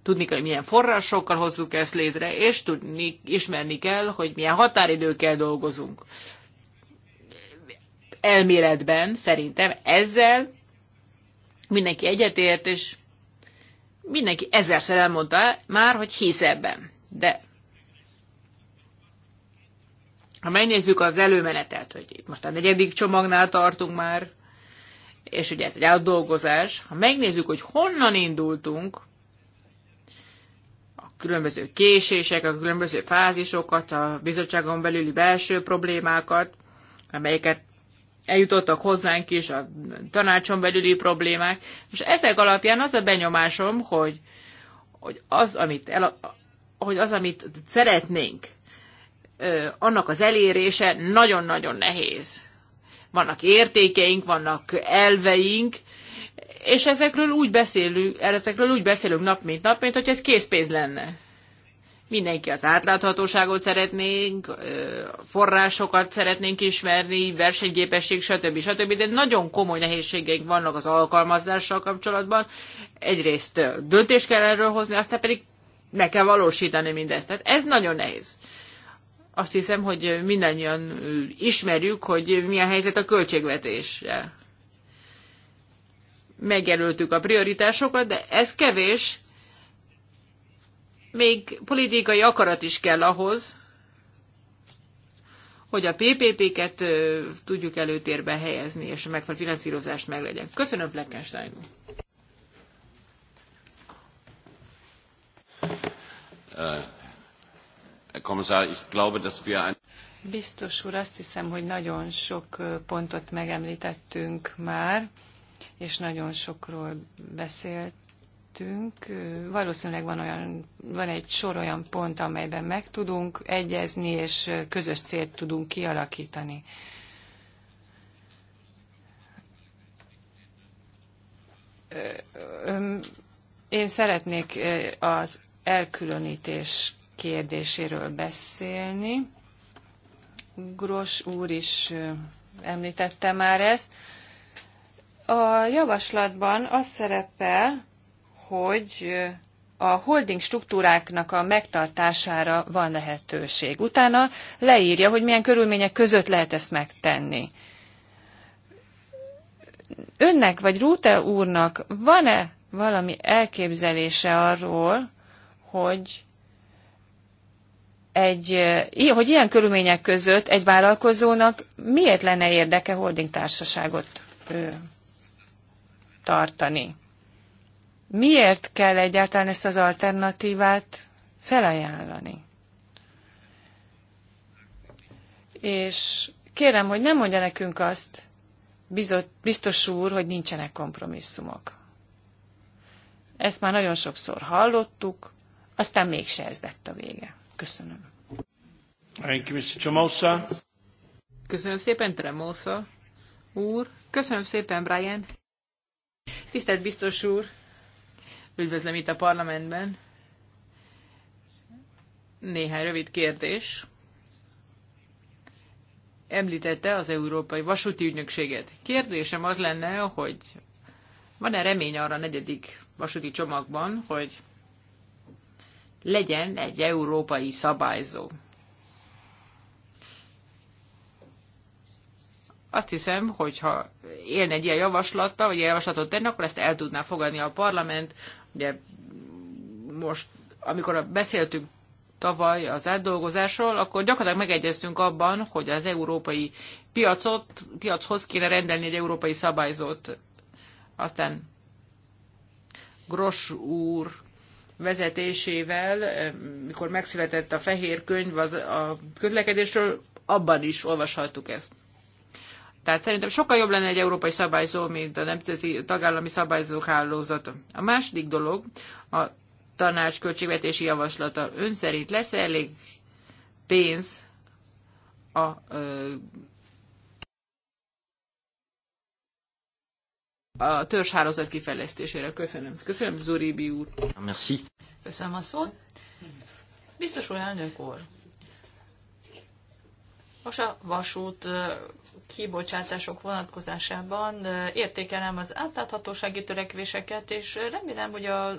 tudni kell, hogy milyen forrásokkal hozzuk ezt létre, és tudni, ismerni kell, hogy milyen határidőkkel dolgozunk elméletben szerintem ezzel mindenki egyetért, és mindenki ezerszer elmondta már, hogy hisz ebben. De ha megnézzük az előmenetet, hogy itt most a negyedik csomagnál tartunk már, és ugye ez egy átdolgozás, ha megnézzük, hogy honnan indultunk, a különböző késések, a különböző fázisokat, a bizottságon belüli belső problémákat, amelyeket eljutottak hozzánk is a tanácson belüli problémák. És ezek alapján az a benyomásom, hogy, hogy az, amit el, hogy az, amit szeretnénk, annak az elérése nagyon-nagyon nehéz. Vannak értékeink, vannak elveink, és ezekről úgy beszélünk, ezekről úgy beszélünk nap mint nap, mint hogy ez készpénz lenne. Mindenki az átláthatóságot szeretnénk, forrásokat szeretnénk ismerni, versenyképesség, stb. stb. De nagyon komoly nehézségeink vannak az alkalmazással kapcsolatban. Egyrészt döntést kell erről hozni, aztán pedig meg kell valósítani mindezt. Tehát ez nagyon nehéz. Azt hiszem, hogy mindannyian ismerjük, hogy milyen helyzet a költségvetéssel megjelöltük a prioritásokat, de ez kevés, még politikai akarat is kell ahhoz, hogy a PPP-ket tudjuk előtérbe helyezni, és a megfelelő finanszírozást meglegyen. Köszönöm, Fleckenstein úr! Biztos úr, azt hiszem, hogy nagyon sok pontot megemlítettünk már, és nagyon sokról beszélt döntöttünk. Valószínűleg van, olyan, van egy sor olyan pont, amelyben meg tudunk egyezni, és közös célt tudunk kialakítani. Én szeretnék az elkülönítés kérdéséről beszélni. Gros úr is említette már ezt. A javaslatban az szerepel, hogy a holding struktúráknak a megtartására van lehetőség. Utána leírja, hogy milyen körülmények között lehet ezt megtenni. Önnek vagy Rúte úrnak van-e valami elképzelése arról, hogy egy, hogy ilyen körülmények között egy vállalkozónak miért lenne érdeke holding társaságot tartani. Miért kell egyáltalán ezt az alternatívát felajánlani? És kérem, hogy nem mondja nekünk azt, bizot, biztos úr, hogy nincsenek kompromisszumok. Ezt már nagyon sokszor hallottuk, aztán mégse ez lett a vége. Köszönöm. Thank you, Mr. Chomosa. Köszönöm szépen, Tremosa úr. Köszönöm szépen, Brian. Tisztelt biztos úr, Üdvözlöm itt a parlamentben. Néhány rövid kérdés. Említette az Európai Vasúti Ügynökséget. Kérdésem az lenne, hogy van-e remény arra a negyedik vasúti csomagban, hogy legyen egy európai szabályzó? azt hiszem, hogyha élne egy ilyen javaslata, vagy javaslatot tenne, akkor ezt el tudná fogadni a parlament Ugye most, amikor beszéltünk tavaly az átdolgozásról, akkor gyakorlatilag megegyeztünk abban, hogy az európai piacot, piachoz kéne rendelni egy európai szabályzót. Aztán Gros úr vezetésével, mikor megszületett a fehér könyv az, a közlekedésről, abban is olvashattuk ezt. Tehát szerintem sokkal jobb lenne egy európai szabályzó, mint a nemzeti tagállami szabályzók hálózata. A második dolog a tanács költségvetési javaslata. Ön szerint lesz -e elég pénz a ö, a törzshálózat kifejlesztésére. Köszönöm. Köszönöm, Zuribi úr. Merci. Köszönöm a szót. Biztos olyan elnök úr. Most a vasút kibocsátások vonatkozásában értékelem az átláthatósági törekvéseket, és remélem, hogy a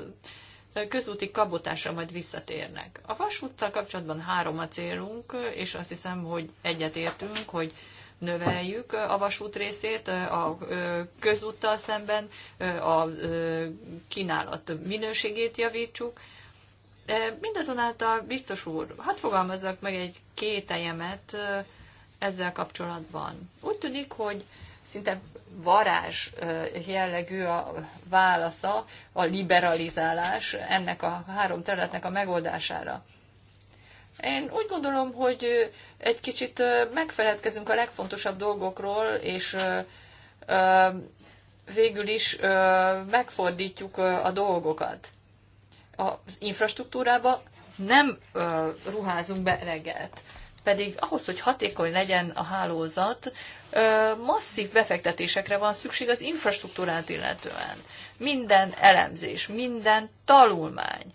közúti kabotásra majd visszatérnek. A vasúttal kapcsolatban három a célunk, és azt hiszem, hogy egyetértünk, hogy növeljük a vasút részét a közúttal szemben, a kínálat minőségét javítsuk. Mindazonáltal, biztos úr, hadd fogalmazzak meg egy kételjemet, ezzel kapcsolatban? Úgy tűnik, hogy szinte varázs jellegű a válasza, a liberalizálás ennek a három területnek a megoldására. Én úgy gondolom, hogy egy kicsit megfeledkezünk a legfontosabb dolgokról, és végül is megfordítjuk a dolgokat. Az infrastruktúrába nem ruházunk be reggelt pedig ahhoz, hogy hatékony legyen a hálózat, masszív befektetésekre van szükség az infrastruktúrát illetően. Minden elemzés, minden tanulmány,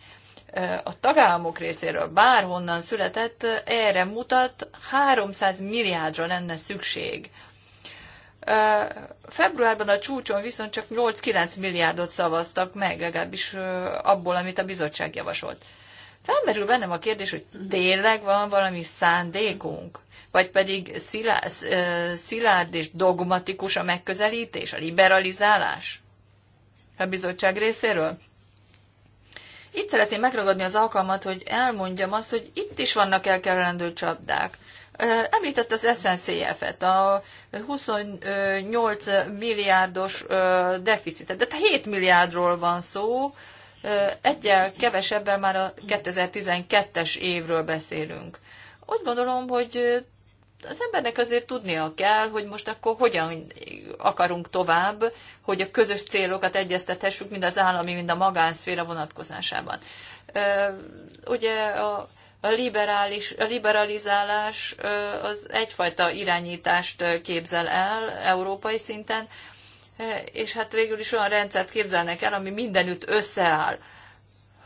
a tagállamok részéről bárhonnan született, erre mutat 300 milliárdra lenne szükség. Februárban a csúcson viszont csak 8-9 milliárdot szavaztak meg, legalábbis abból, amit a bizottság javasolt. Felmerül bennem a kérdés, hogy mhm. tényleg van valami szándékunk? Vagy pedig szilá, szilárd és dogmatikus a megközelítés, a liberalizálás? A bizottság részéről? Itt szeretném megragadni az alkalmat, hogy elmondjam azt, hogy itt is vannak elkerülendő csapdák. Említett az SNCF-et, a 28 milliárdos deficitet, de 7 hát milliárdról van szó, egyel kevesebben már a 2012-es évről beszélünk. Úgy gondolom, hogy az embernek azért tudnia kell, hogy most akkor hogyan akarunk tovább, hogy a közös célokat egyeztethessük mind az állami, mind a magánszféra vonatkozásában. Ugye a a, liberális, a liberalizálás az egyfajta irányítást képzel el európai szinten, E, és hát végül is olyan rendszert képzelnek el, ami mindenütt összeáll.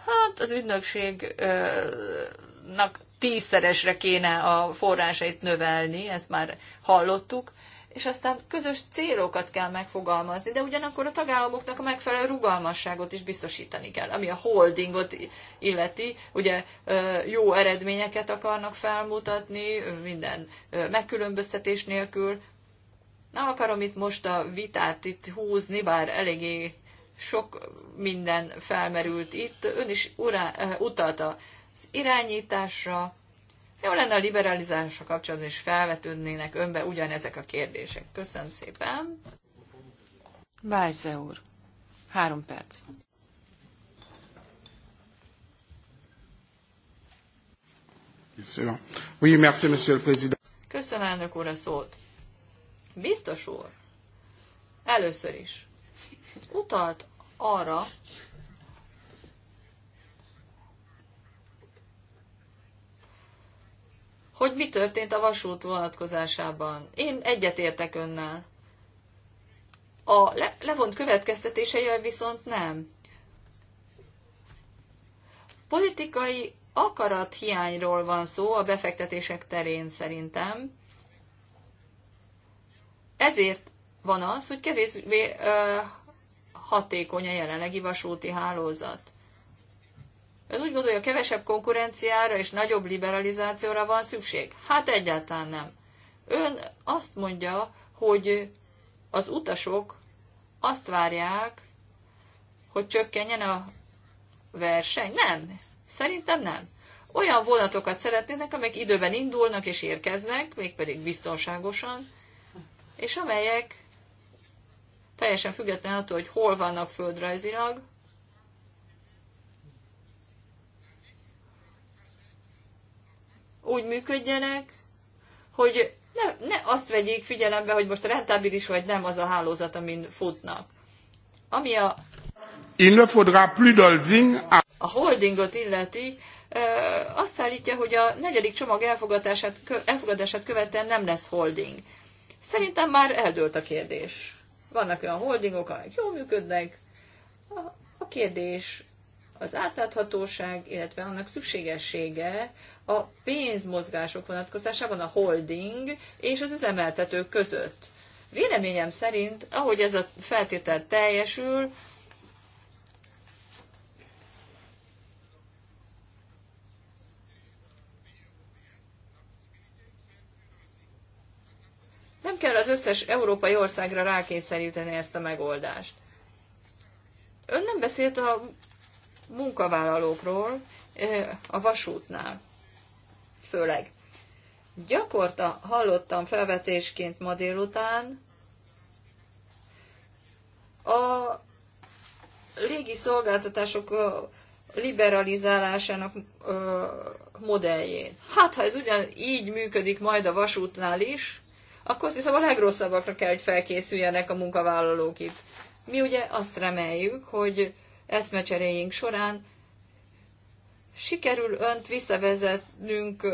Hát az ügynökségnak tízszeresre kéne a forrásait növelni, ezt már hallottuk, és aztán közös célokat kell megfogalmazni, de ugyanakkor a tagállamoknak a megfelelő rugalmasságot is biztosítani kell, ami a holdingot illeti. Ugye e, jó eredményeket akarnak felmutatni, minden e, megkülönböztetés nélkül, nem akarom itt most a vitát itt húzni, bár eléggé sok minden felmerült itt. Ön is urá, eh, utalta az irányításra. Jó lenne a liberalizásra kapcsolatban is felvetődnének önbe ugyanezek a kérdések. Köszönöm szépen. Bájze úr. Három perc. Köszönöm, elnök úr, a szót. Biztos úr, először is utalt arra, hogy mi történt a vasút vonatkozásában. Én egyetértek önnel. A le- levont következtetéseivel viszont nem. Politikai akarat hiányról van szó a befektetések terén szerintem, ezért van az, hogy kevésbé hatékony a jelenlegi vasúti hálózat. Ön úgy gondolja, kevesebb konkurenciára és nagyobb liberalizációra van szükség? Hát egyáltalán nem. Ön azt mondja, hogy az utasok azt várják, hogy csökkenjen a verseny. Nem, szerintem nem. Olyan vonatokat szeretnének, amelyek időben indulnak és érkeznek, mégpedig biztonságosan, és amelyek teljesen független attól, hogy hol vannak földrajzilag, úgy működjenek, hogy ne, ne azt vegyék figyelembe, hogy most rentábilis vagy nem az a hálózat, amin futnak. Ami a, Il ne faudra plus a holdingot illeti, azt állítja, hogy a negyedik csomag elfogadását, elfogadását követően nem lesz holding. Szerintem már eldőlt a kérdés. Vannak olyan holdingok, amelyek jól működnek. A, a kérdés az átláthatóság, illetve annak szükségessége a pénzmozgások vonatkozásában a holding és az üzemeltetők között. Véleményem szerint, ahogy ez a feltétel teljesül, Nem kell az összes európai országra rákényszeríteni ezt a megoldást. Ön nem beszélt a munkavállalókról a vasútnál, főleg. Gyakorta hallottam felvetésként ma délután a légi szolgáltatások liberalizálásának modelljén. Hát, ha ez ugyan így működik majd a vasútnál is, akkor azt hiszem a legrosszabbakra kell, hogy felkészüljenek a munkavállalók itt. Mi ugye azt reméljük, hogy eszmecseréjénk során sikerül önt visszavezetnünk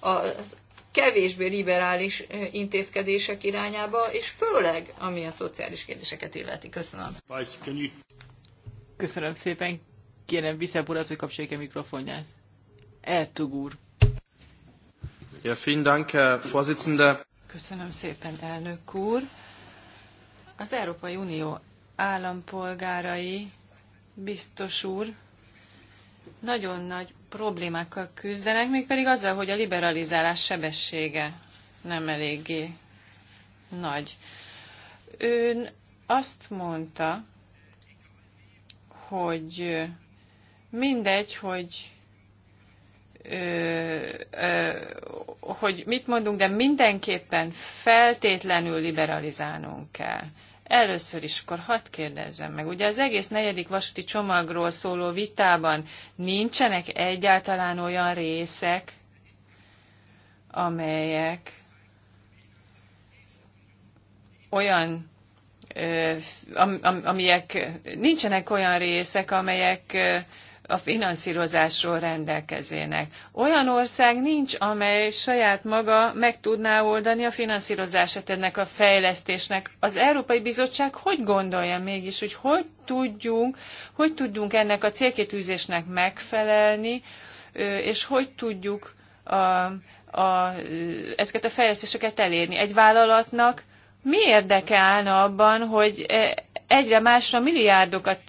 az kevésbé liberális intézkedések irányába, és főleg, ami a szociális kérdéseket illeti. Köszönöm. Köszönöm szépen. Kérem, Viszep urat, hogy kapcsolják a mikrofonját. Eltugúr. Ja, vielen Dank, Herr Vorsitzender. Köszönöm szépen, elnök úr. Az Európai Unió állampolgárai, biztos úr, nagyon nagy problémákkal küzdenek, mégpedig azzal, hogy a liberalizálás sebessége nem eléggé nagy. Ön azt mondta, hogy mindegy, hogy hogy mit mondunk, de mindenképpen feltétlenül liberalizálnunk kell. Először is akkor hadd kérdezzem meg. Ugye az egész negyedik vasúti csomagról szóló vitában nincsenek egyáltalán olyan részek, amelyek olyan am, am, amilyek nincsenek olyan részek, amelyek a finanszírozásról rendelkezének. Olyan ország nincs, amely saját maga meg tudná oldani a finanszírozását ennek a fejlesztésnek. Az Európai Bizottság hogy gondolja mégis, hogy hogy tudjunk, hogy tudjunk ennek a célkitűzésnek megfelelni, és hogy tudjuk a, a, ezeket a fejlesztéseket elérni. Egy vállalatnak mi érdeke állna abban, hogy e, egyre másra milliárdokat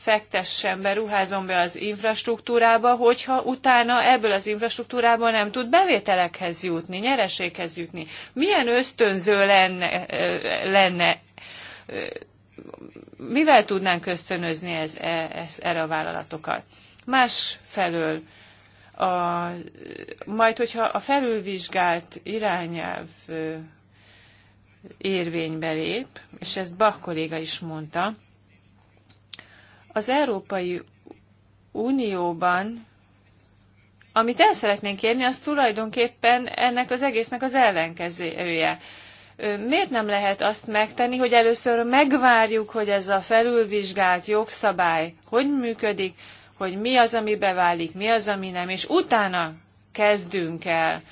fektessen be, ruházom be az infrastruktúrába, hogyha utána ebből az infrastruktúrából nem tud bevételekhez jutni, nyereséghez jutni. Milyen ösztönző lenne, lenne mivel tudnánk ösztönözni ez, e, ez, erre a vállalatokat? Másfelől, a, majd hogyha a felülvizsgált irányelv érvénybe lép, és ezt Bach kolléga is mondta, az Európai Unióban, amit el szeretnénk kérni, az tulajdonképpen ennek az egésznek az ellenkezője. Miért nem lehet azt megtenni, hogy először megvárjuk, hogy ez a felülvizsgált jogszabály hogy működik, hogy mi az, ami beválik, mi az, ami nem, és utána kezdünk el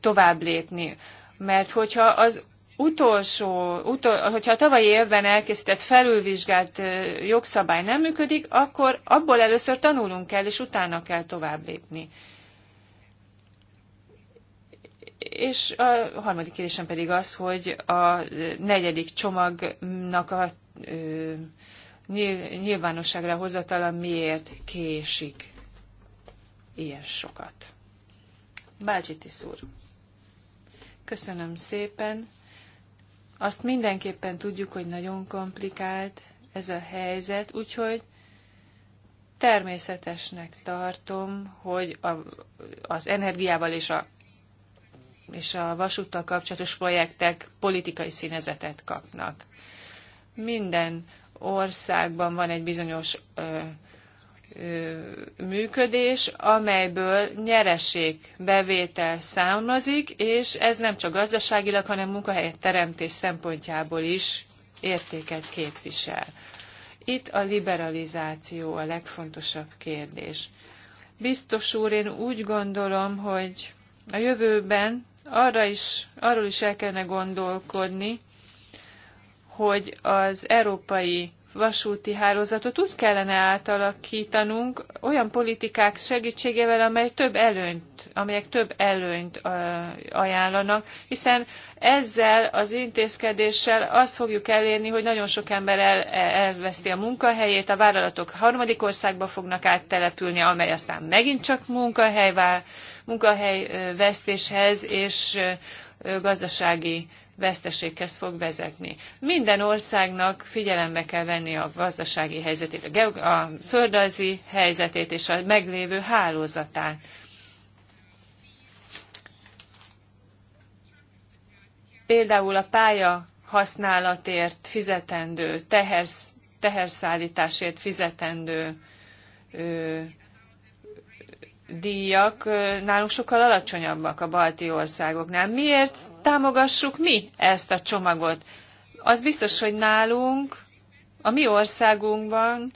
tovább lépni. Mert hogyha az utolsó, utol, hogyha a tavalyi évben elkészített felülvizsgált jogszabály nem működik, akkor abból először tanulunk kell, és utána kell tovább lépni. És a harmadik kérdésem pedig az, hogy a negyedik csomagnak a ö, nyilvánosságra hozatala miért késik ilyen sokat. Bácsi úr, köszönöm szépen. Azt mindenképpen tudjuk, hogy nagyon komplikált ez a helyzet, úgyhogy természetesnek tartom, hogy a, az energiával és a, és a vasúttal kapcsolatos projektek politikai színezetet kapnak. Minden országban van egy bizonyos ö, működés, amelyből nyereség, bevétel származik, és ez nem csak gazdaságilag, hanem munkahelyet teremtés szempontjából is értéket képvisel. Itt a liberalizáció a legfontosabb kérdés. Biztos úr, én úgy gondolom, hogy a jövőben arra is, arról is el kellene gondolkodni, hogy az európai vasúti hálózatot úgy kellene átalakítanunk olyan politikák segítségével, amely több előnyt, amelyek több előnyt ajánlanak, hiszen ezzel az intézkedéssel azt fogjuk elérni, hogy nagyon sok ember el, elveszti a munkahelyét, a vállalatok harmadik országba fognak áttelepülni, amely aztán megint csak munkahely, munkahelyvesztéshez és gazdasági veszteséghez fog vezetni. Minden országnak figyelembe kell venni a gazdasági helyzetét, a, a földrajzi helyzetét és a meglévő hálózatát. Például a pálya használatért fizetendő, tehersz, teherszállításért fizetendő ö, díjak nálunk sokkal alacsonyabbak a balti országoknál. Miért támogassuk mi ezt a csomagot? Az biztos, hogy nálunk, a mi országunkban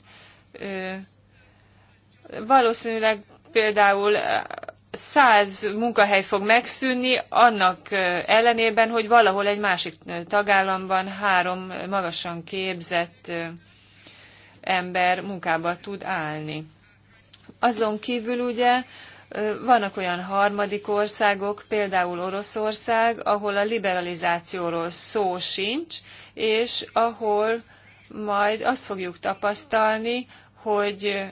valószínűleg például száz munkahely fog megszűnni, annak ellenében, hogy valahol egy másik tagállamban három magasan képzett ember munkába tud állni. Azon kívül ugye vannak olyan harmadik országok, például Oroszország, ahol a liberalizációról szó sincs, és ahol majd azt fogjuk tapasztalni, hogy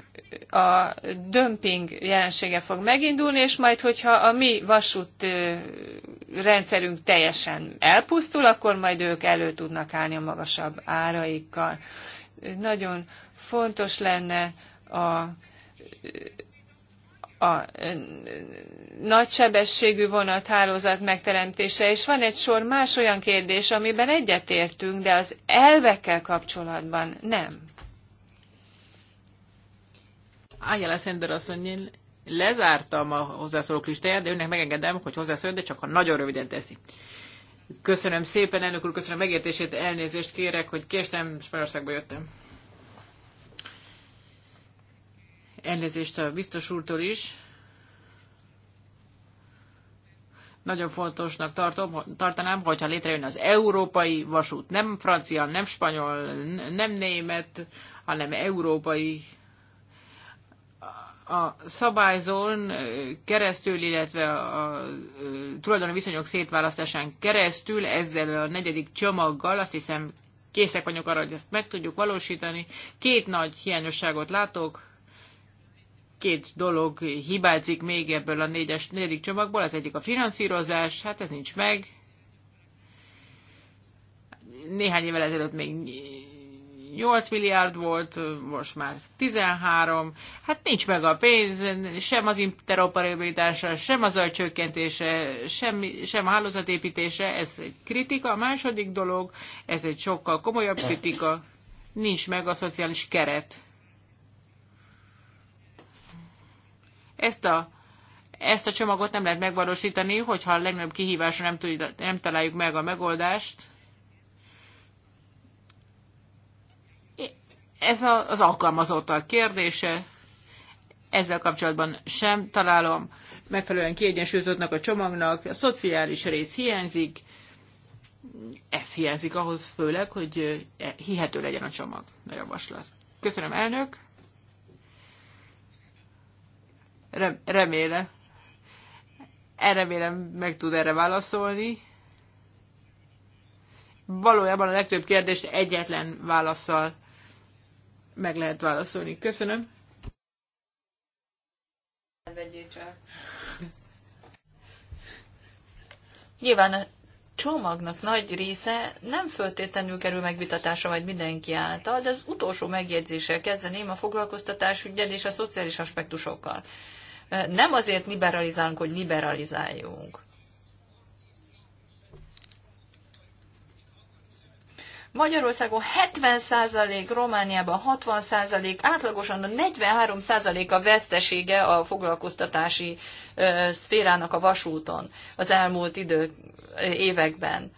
a dömping jelensége fog megindulni, és majd, hogyha a mi vasút rendszerünk teljesen elpusztul, akkor majd ők elő tudnak állni a magasabb áraikkal. Nagyon fontos lenne a a nagysebességű vonathálózat megteremtése, és van egy sor más olyan kérdés, amiben egyetértünk, de az elvekkel kapcsolatban nem. Ágyala Szender asszony, lezártam a hozzászóló listáját, de önnek megengedem, hogy hozzászóljon, de csak ha nagyon röviden teszi. Köszönöm szépen, elnök úr, köszönöm megértését, elnézést kérek, hogy késtem, Spanyolországba jöttem. elnézést a biztos úrtól is. Nagyon fontosnak tartom, tartanám, hogyha létrejön az európai vasút, nem francia, nem spanyol, nem német, hanem európai a szabályzón keresztül, illetve a tulajdoni viszonyok szétválasztásán keresztül, ezzel a negyedik csomaggal, azt hiszem készek vagyok arra, hogy ezt meg tudjuk valósítani. Két nagy hiányosságot látok két dolog hibázik még ebből a négyes, négyik csomagból, az egyik a finanszírozás, hát ez nincs meg. Néhány évvel ezelőtt még 8 milliárd volt, most már 13, hát nincs meg a pénz, sem az interoperabilitása, sem az csökkentése, sem, sem a hálózatépítése, ez egy kritika. A második dolog, ez egy sokkal komolyabb kritika, nincs meg a szociális keret Ezt a, ezt a csomagot nem lehet megvalósítani, hogyha a legnagyobb kihívásra nem, tud, nem találjuk meg a megoldást. Ez a, az alkalmazottak kérdése. Ezzel kapcsolatban sem találom megfelelően kiegyensúlyozottnak a csomagnak. A szociális rész hiányzik. Ez hiányzik ahhoz főleg, hogy eh, hihető legyen a csomag, a javaslat. Köszönöm, elnök! remélem, erre remélem meg tud erre válaszolni. Valójában a legtöbb kérdést egyetlen válaszsal meg lehet válaszolni. Köszönöm. Nyilván a csomagnak nagy része nem föltétlenül kerül megvitatásra majd mindenki által, de az utolsó megjegyzéssel kezdeném a foglalkoztatás ügyen és a szociális aspektusokkal nem azért liberalizálunk, hogy liberalizáljunk. Magyarországon 70%, Romániában 60%, átlagosan a 43% a vesztesége a foglalkoztatási szférának a vasúton az elmúlt idő években.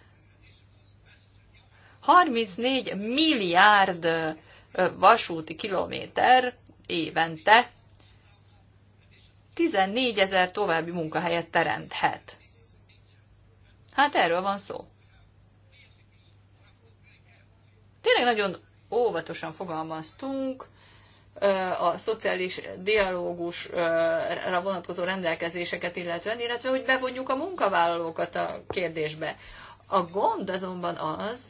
34 milliárd vasúti kilométer évente 14 ezer további munkahelyet teremthet. Hát erről van szó. Tényleg nagyon óvatosan fogalmaztunk, a szociális dialógusra vonatkozó rendelkezéseket illetően, illetve hogy bevonjuk a munkavállalókat a kérdésbe. A gond azonban az,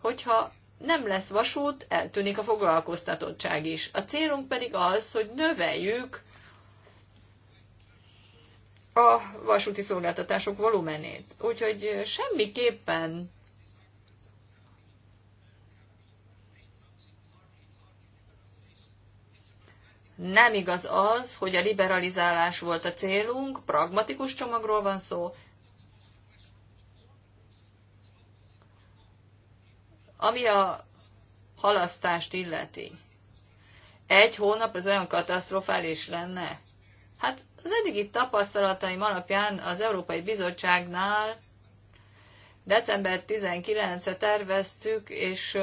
hogyha nem lesz vasút, eltűnik a foglalkoztatottság is. A célunk pedig az, hogy növeljük a vasúti szolgáltatások volumenét. Úgyhogy semmiképpen nem igaz az, hogy a liberalizálás volt a célunk, pragmatikus csomagról van szó, ami a halasztást illeti. Egy hónap az olyan katasztrofális lenne? Hát az eddigi tapasztalataim alapján az Európai Bizottságnál december 19-e terveztük, és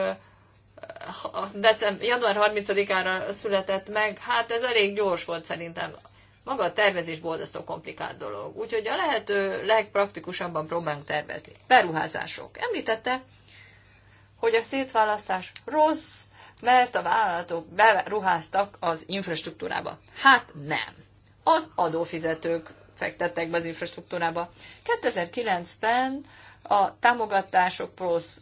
december, január 30-ára született meg, hát ez elég gyors volt szerintem. Maga a tervezés boldasztó komplikált dolog, úgyhogy a lehető legpraktikusabban próbálunk tervezni. Beruházások. Említette, hogy a szétválasztás rossz, mert a vállalatok beruháztak az infrastruktúrába. Hát nem az adófizetők fektettek be az infrastruktúrába. 2009-ben a támogatások plusz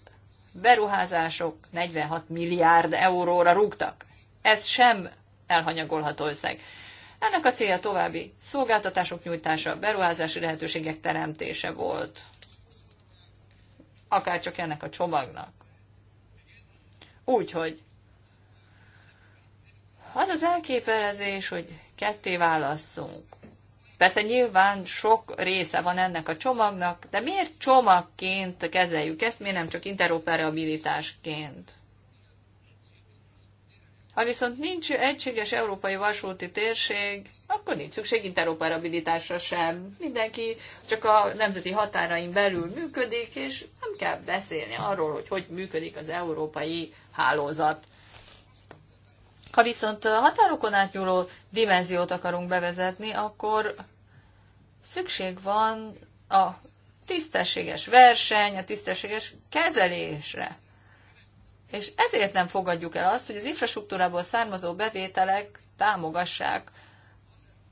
beruházások 46 milliárd euróra rúgtak. Ez sem elhanyagolható összeg. Ennek a célja további szolgáltatások nyújtása, beruházási lehetőségek teremtése volt. Akár csak ennek a csomagnak. Úgyhogy az az elképelezés, hogy ketté válasszunk. Persze nyilván sok része van ennek a csomagnak, de miért csomagként kezeljük ezt, miért nem csak interoperabilitásként? Ha viszont nincs egységes európai vasúti térség, akkor nincs szükség interoperabilitásra sem. Mindenki csak a nemzeti határain belül működik, és nem kell beszélni arról, hogy hogy működik az európai hálózat. Ha viszont határokon átnyúló dimenziót akarunk bevezetni, akkor szükség van a tisztességes verseny, a tisztességes kezelésre. És ezért nem fogadjuk el azt, hogy az infrastruktúrából származó bevételek támogassák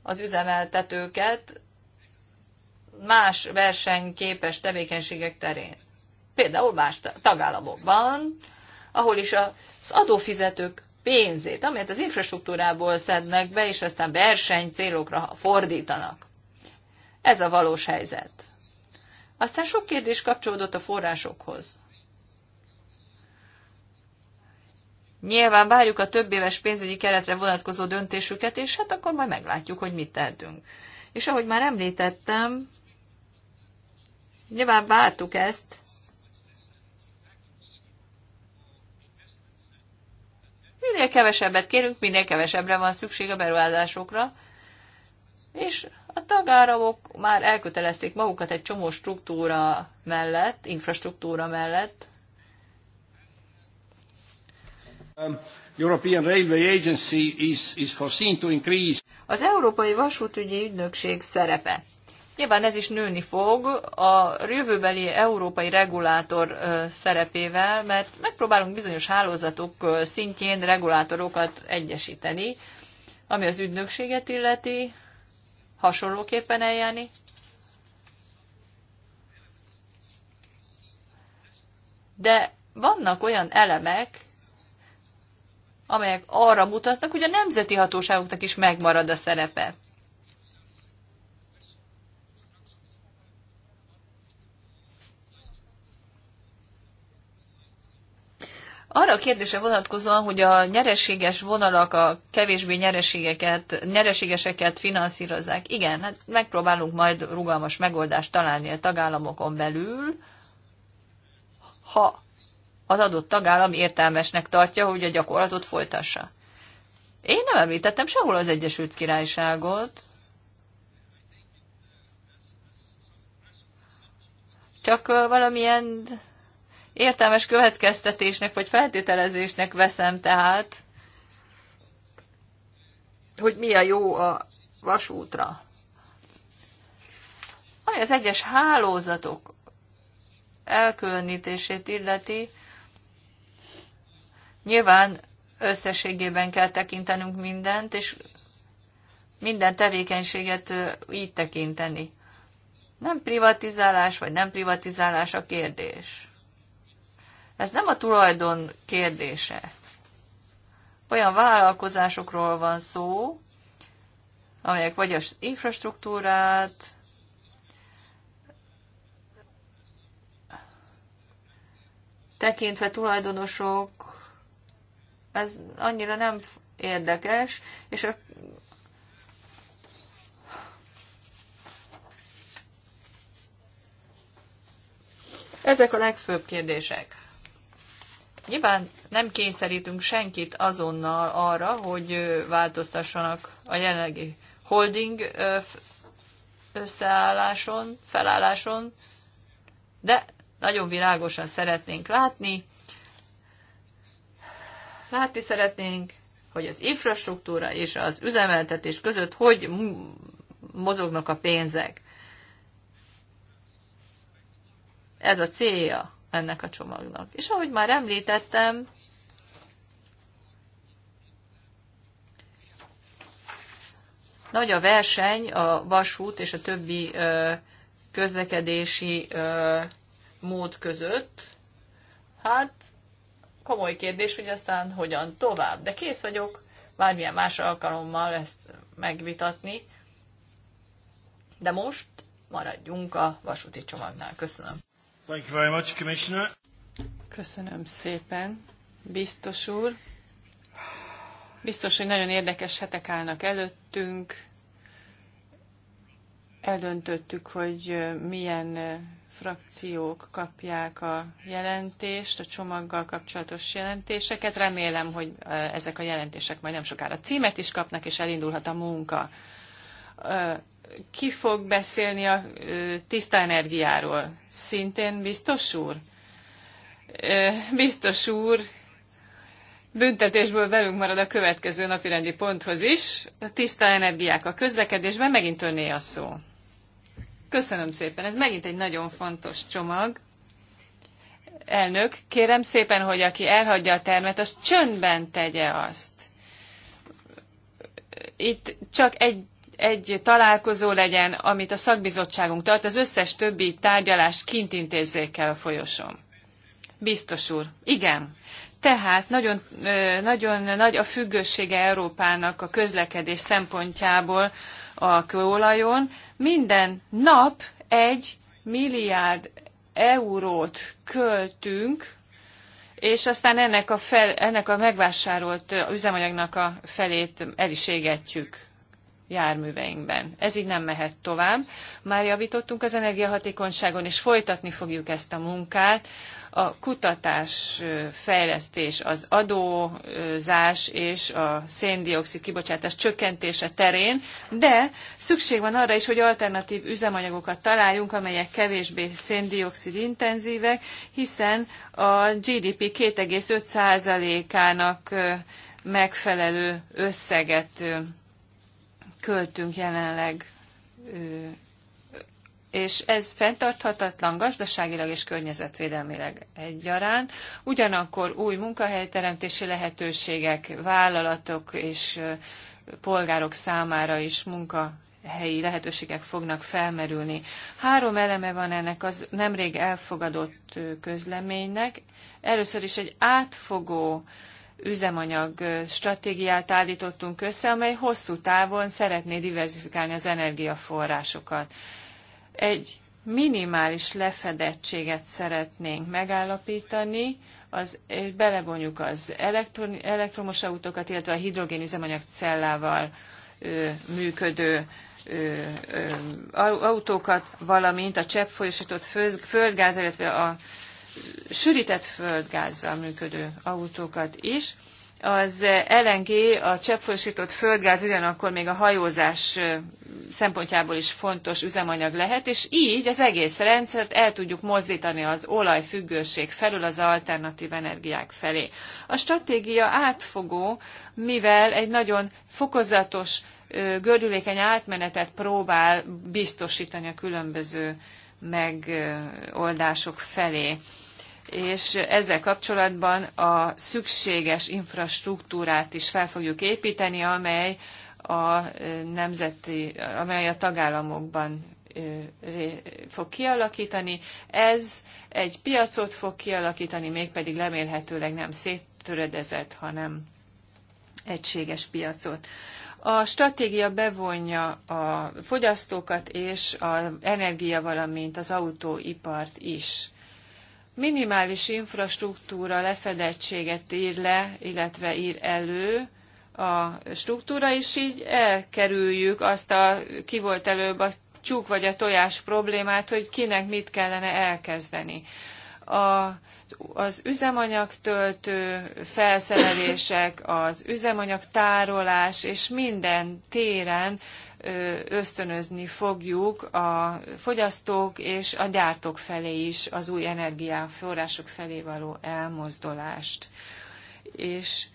az üzemeltetőket más versenyképes tevékenységek terén. Például más tagállamokban, ahol is az adófizetők pénzét, amelyet az infrastruktúrából szednek be, és aztán verseny célokra fordítanak. Ez a valós helyzet. Aztán sok kérdés kapcsolódott a forrásokhoz. Nyilván várjuk a több éves pénzügyi keretre vonatkozó döntésüket, és hát akkor majd meglátjuk, hogy mit tehetünk. És ahogy már említettem, nyilván vártuk ezt, Minél kevesebbet kérünk, minél kevesebbre van szükség a beruházásokra, és a tagállamok már elkötelezték magukat egy csomó struktúra mellett, infrastruktúra mellett. Um, European Railway Agency is, is foreseen to increase. Az Európai Vasútügyi Ügynökség szerepe Nyilván ez is nőni fog a jövőbeli európai regulátor szerepével, mert megpróbálunk bizonyos hálózatok szintjén regulátorokat egyesíteni, ami az ügynökséget illeti, hasonlóképpen eljárni. De vannak olyan elemek, amelyek arra mutatnak, hogy a nemzeti hatóságoknak is megmarad a szerepe. Arra a kérdése vonatkozóan, hogy a nyereséges vonalak a kevésbé nyereségeket, nyereségeseket finanszírozzák. Igen, hát megpróbálunk majd rugalmas megoldást találni a tagállamokon belül, ha az adott tagállam értelmesnek tartja, hogy a gyakorlatot folytassa. Én nem említettem sehol az Egyesült Királyságot, csak valamilyen értelmes következtetésnek vagy feltételezésnek veszem tehát, hogy mi a jó a vasútra. Ami az egyes hálózatok elkülönítését illeti, nyilván összességében kell tekintenünk mindent, és minden tevékenységet így tekinteni. Nem privatizálás vagy nem privatizálás a kérdés. Ez nem a tulajdon kérdése. Olyan vállalkozásokról van szó, amelyek vagy az infrastruktúrát, tekintve tulajdonosok, ez annyira nem érdekes, és a Ezek a legfőbb kérdések. Nyilván nem kényszerítünk senkit azonnal arra, hogy változtassanak a jelenlegi holding összeálláson, felálláson, de nagyon világosan szeretnénk látni. Látni szeretnénk, hogy az infrastruktúra és az üzemeltetés között hogy mozognak a pénzek. Ez a célja ennek a csomagnak. És ahogy már említettem, nagy a verseny a vasút és a többi közlekedési mód között. Hát komoly kérdés, hogy aztán hogyan tovább. De kész vagyok bármilyen más alkalommal ezt megvitatni. De most maradjunk a vasúti csomagnál. Köszönöm. Thank you very much, Commissioner. Köszönöm szépen, biztos úr. Biztos, hogy nagyon érdekes hetek állnak előttünk. Eldöntöttük, hogy milyen frakciók kapják a jelentést, a csomaggal kapcsolatos jelentéseket. Remélem, hogy ezek a jelentések majd nem sokára címet is kapnak, és elindulhat a munka. Ki fog beszélni a tiszta energiáról? Szintén biztos úr? Biztos úr, büntetésből velünk marad a következő napi rendi ponthoz is. A tiszta energiák a közlekedésben, megint önné a szó. Köszönöm szépen, ez megint egy nagyon fontos csomag. Elnök, kérem szépen, hogy aki elhagyja a termet, az csöndben tegye azt. Itt csak egy egy találkozó legyen, amit a szakbizottságunk tart, az összes többi tárgyalást kint intézzék el a folyosón. Biztos úr, igen. Tehát nagyon, nagyon nagy a függősége Európának a közlekedés szempontjából a kőolajon. Minden nap egy milliárd eurót költünk, és aztán ennek a, fel, ennek a megvásárolt üzemanyagnak a felét el is égetjük járműveinkben. Ez így nem mehet tovább. Már javítottunk az energiahatékonyságon, és folytatni fogjuk ezt a munkát. A kutatás, fejlesztés, az adózás és a széndiokszid kibocsátás csökkentése terén, de szükség van arra is, hogy alternatív üzemanyagokat találjunk, amelyek kevésbé széndiokszid intenzívek, hiszen a GDP 2,5%-ának megfelelő összeget költünk jelenleg, és ez fenntarthatatlan gazdaságilag és környezetvédelmileg egyaránt. Ugyanakkor új munkahelyteremtési lehetőségek, vállalatok és polgárok számára is munka helyi lehetőségek fognak felmerülni. Három eleme van ennek az nemrég elfogadott közleménynek. Először is egy átfogó üzemanyag stratégiát állítottunk össze, amely hosszú távon szeretné diversifikálni az energiaforrásokat. Egy minimális lefedettséget szeretnénk megállapítani, az, belevonjuk az elektron, elektromos autókat, illetve a hidrogén üzemanyagcellával ö, működő ö, ö, autókat, valamint a cseppfolyósított földgáz, illetve a sűrített földgázzal működő autókat is. Az LNG, a cseppfolyósított földgáz ugyanakkor még a hajózás szempontjából is fontos üzemanyag lehet, és így az egész rendszert el tudjuk mozdítani az olajfüggőség felül az alternatív energiák felé. A stratégia átfogó, mivel egy nagyon fokozatos, gördülékeny átmenetet próbál biztosítani a különböző megoldások felé és ezzel kapcsolatban a szükséges infrastruktúrát is fel fogjuk építeni, amely a nemzeti, amely a tagállamokban fog kialakítani. Ez egy piacot fog kialakítani, mégpedig remélhetőleg nem széttöredezett, hanem egységes piacot. A stratégia bevonja a fogyasztókat és az energia, valamint az autóipart is minimális infrastruktúra lefedettséget ír le, illetve ír elő a struktúra, és így elkerüljük azt a ki volt előbb a tyúk vagy a tojás problémát, hogy kinek mit kellene elkezdeni. A, az üzemanyagtöltő felszerelések, az üzemanyag tárolás és minden téren ösztönözni fogjuk a fogyasztók és a gyártók felé is az új energiaforrások felé való elmozdulást. És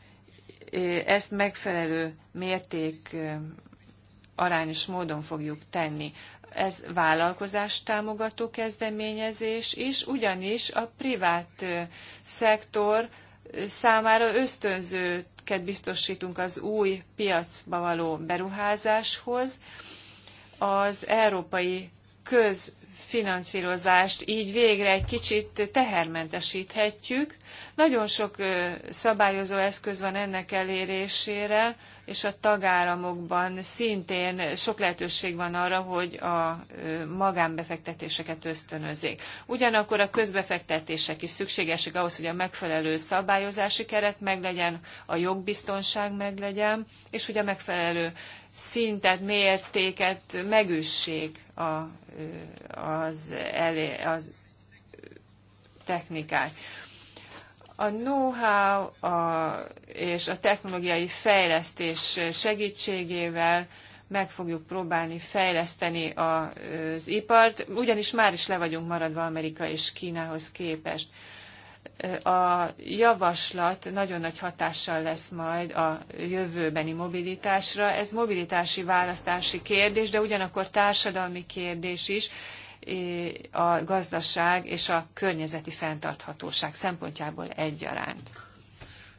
ezt megfelelő mérték arányos módon fogjuk tenni. Ez vállalkozást támogató kezdeményezés is, ugyanis a privát szektor számára ösztönző alapket biztosítunk az új piacba való beruházáshoz. Az európai köz így végre egy kicsit tehermentesíthetjük. Nagyon sok szabályozó eszköz van ennek elérésére, és a tagállamokban szintén sok lehetőség van arra, hogy a magánbefektetéseket ösztönözzék. Ugyanakkor a közbefektetések is szükségesek ahhoz, hogy a megfelelő szabályozási keret meglegyen, a jogbiztonság meglegyen, és hogy a megfelelő szintet, mértéket megüssék a, az, elé, az technikák. A know-how és a technológiai fejlesztés segítségével meg fogjuk próbálni fejleszteni az ipart, ugyanis már is le vagyunk maradva Amerika és Kínához képest. A javaslat nagyon nagy hatással lesz majd a jövőbeni mobilitásra. Ez mobilitási választási kérdés, de ugyanakkor társadalmi kérdés is, a gazdaság és a környezeti fenntarthatóság szempontjából egyaránt.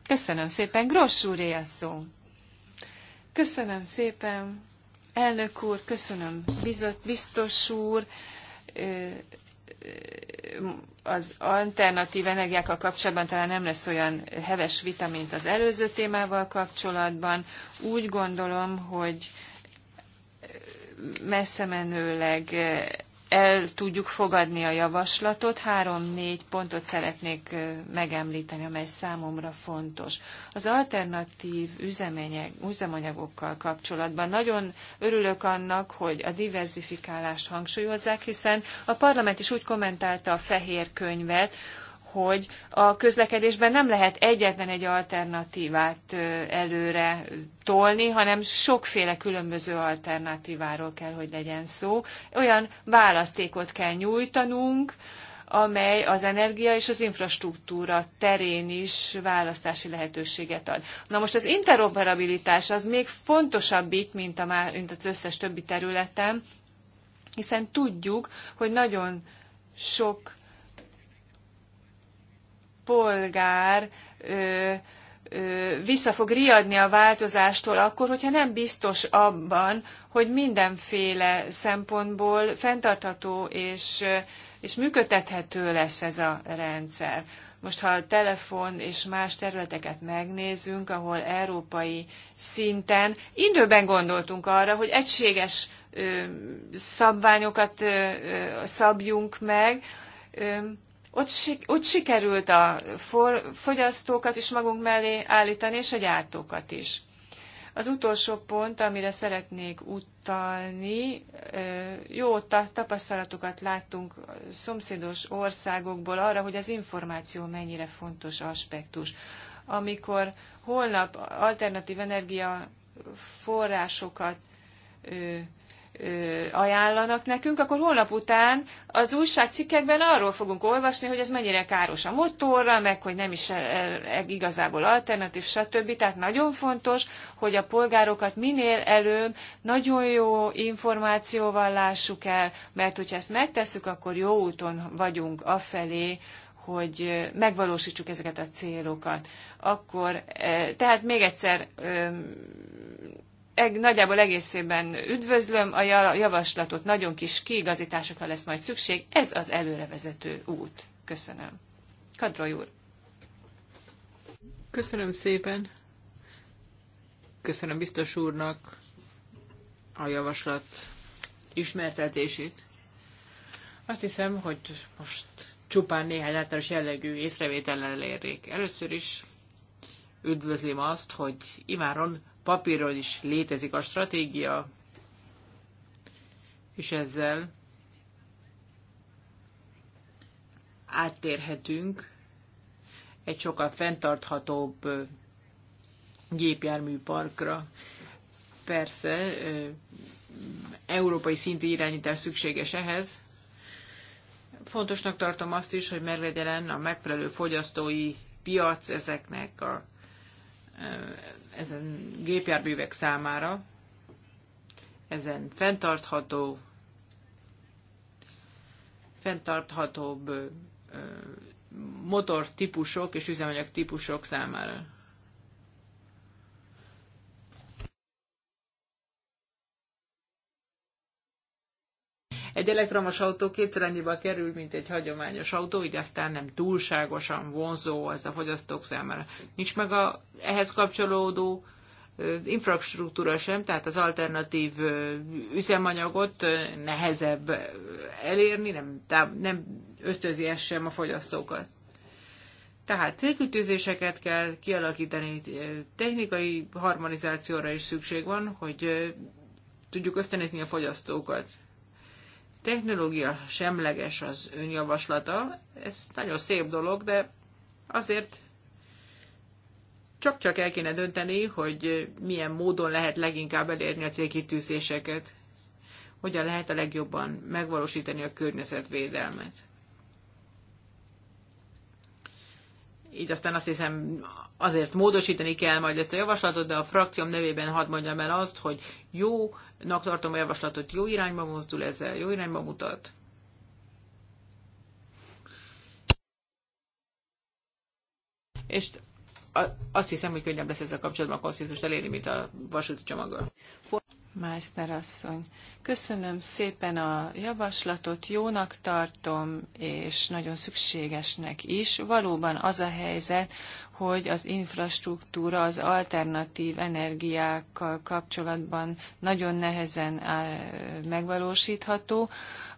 Köszönöm szépen, Gross úr a szó. Köszönöm szépen, elnök úr, köszönöm bizot, biztos úr, az alternatív energiákkal kapcsolatban talán nem lesz olyan heves vita, mint az előző témával kapcsolatban. Úgy gondolom, hogy messze menőleg el tudjuk fogadni a javaslatot. Három-négy pontot szeretnék megemlíteni, amely számomra fontos. Az alternatív üzemanyagokkal kapcsolatban nagyon örülök annak, hogy a diversifikálást hangsúlyozzák, hiszen a parlament is úgy kommentálta a fehér könyvet, hogy a közlekedésben nem lehet egyetlen egy alternatívát előre tolni, hanem sokféle különböző alternatíváról kell, hogy legyen szó. Olyan választékot kell nyújtanunk, amely az energia és az infrastruktúra terén is választási lehetőséget ad. Na most az interoperabilitás az még fontosabb itt, mint, a már, mint az összes többi területen, hiszen tudjuk, hogy nagyon sok polgár ö, ö, vissza fog riadni a változástól akkor, hogyha nem biztos abban, hogy mindenféle szempontból fenntartható és, és működtethető lesz ez a rendszer. Most ha a telefon és más területeket megnézünk, ahol európai szinten időben gondoltunk arra, hogy egységes szabványokat szabjunk meg, ott, ott sikerült a for, fogyasztókat is magunk mellé állítani, és a gyártókat is. Az utolsó pont, amire szeretnék utalni, jó tapasztalatokat láttunk szomszédos országokból arra, hogy az információ mennyire fontos aspektus. Amikor holnap alternatív energiaforrásokat ajánlanak nekünk, akkor holnap után az újságcikkekben arról fogunk olvasni, hogy ez mennyire káros a motorra, meg hogy nem is e, igazából alternatív, stb. Tehát nagyon fontos, hogy a polgárokat minél előbb nagyon jó információval lássuk el, mert hogyha ezt megtesszük, akkor jó úton vagyunk afelé, hogy megvalósítsuk ezeket a célokat. Akkor, tehát még egyszer eg, nagyjából egészében üdvözlöm, a javaslatot nagyon kis kiigazításokra lesz majd szükség, ez az előrevezető út. Köszönöm. Kadroly úr. Köszönöm szépen. Köszönöm biztos úrnak a javaslat ismertetését. Azt hiszem, hogy most csupán néhány általános jellegű észrevétellel érnék. Először is üdvözlim azt, hogy imáron papírról is létezik a stratégia, és ezzel áttérhetünk egy sokkal fenntarthatóbb gépjárműparkra. Persze, európai szintű irányítás szükséges ehhez. Fontosnak tartom azt is, hogy meglegyen a megfelelő fogyasztói piac ezeknek a ezen gépjárművek számára, ezen fenntartható, fenntarthatóbb motortípusok és üzemanyag típusok számára. Egy elektromos autó kétszer annyiba kerül, mint egy hagyományos autó, így aztán nem túlságosan vonzó az a fogyasztók számára. Nincs meg a ehhez kapcsolódó infrastruktúra sem, tehát az alternatív üzemanyagot nehezebb elérni, nem, nem ösztözi ez sem a fogyasztókat. Tehát célkütőzéseket kell kialakítani, technikai harmonizációra is szükség van, hogy tudjuk ösztönözni a fogyasztókat technológia semleges az önjavaslata, ez nagyon szép dolog, de azért csak-csak el kéne dönteni, hogy milyen módon lehet leginkább elérni a célkitűzéseket, hogyan lehet a legjobban megvalósítani a környezetvédelmet. így aztán azt hiszem azért módosítani kell majd ezt a javaslatot, de a frakcióm nevében hadd mondjam el azt, hogy jónak tartom a javaslatot, jó irányba mozdul ezzel, jó irányba mutat. És azt hiszem, hogy könnyebb lesz a kapcsolatban a konszenzust elérni, mint a vasúti csomaggal. Meister asszony. Köszönöm szépen a javaslatot, jónak tartom, és nagyon szükségesnek is. Valóban az a helyzet, hogy az infrastruktúra az alternatív energiákkal kapcsolatban nagyon nehezen megvalósítható.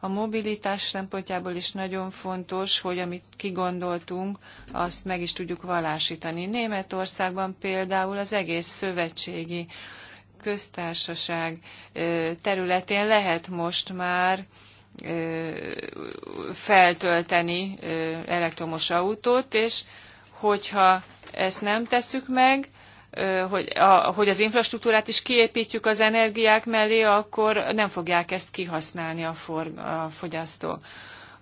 A mobilitás szempontjából is nagyon fontos, hogy amit kigondoltunk, azt meg is tudjuk valásítani. Németországban például az egész szövetségi köztársaság területén lehet most már feltölteni elektromos autót, és hogyha ezt nem tesszük meg, hogy, a, hogy az infrastruktúrát is kiépítjük az energiák mellé, akkor nem fogják ezt kihasználni a, for, a fogyasztók.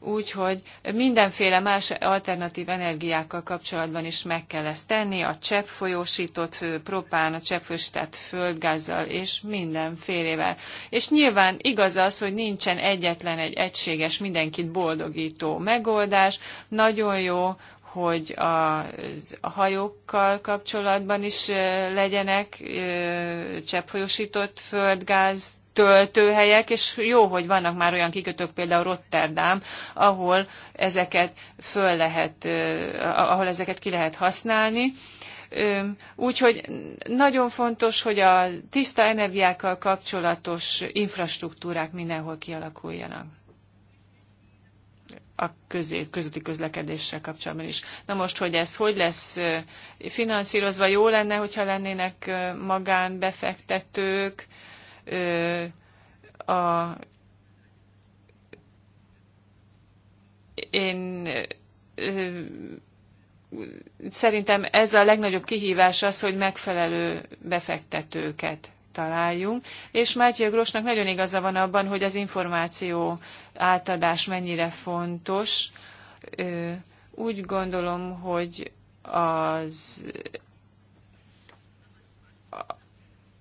Úgyhogy mindenféle más alternatív energiákkal kapcsolatban is meg kell ezt tenni, a cseppfolyósított propán, a cseppfolyósított földgázzal és mindenfélével. És nyilván igaz az, hogy nincsen egyetlen egy egységes, mindenkit boldogító megoldás. Nagyon jó, hogy a, a hajókkal kapcsolatban is eh, legyenek eh, cseppfolyósított földgáz töltőhelyek, és jó, hogy vannak már olyan kikötők, például Rotterdam, ahol ezeket föl lehet, ahol ezeket ki lehet használni. Úgyhogy nagyon fontos, hogy a tiszta energiákkal kapcsolatos infrastruktúrák mindenhol kialakuljanak a közé, közötti közlekedéssel kapcsolatban is. Na most, hogy ez hogy lesz finanszírozva, jó lenne, hogyha lennének magánbefektetők, a én szerintem ez a legnagyobb kihívás az, hogy megfelelő befektetőket találjunk, és Mátyi Grosnak nagyon igaza van abban, hogy az információ átadás mennyire fontos. Úgy gondolom, hogy az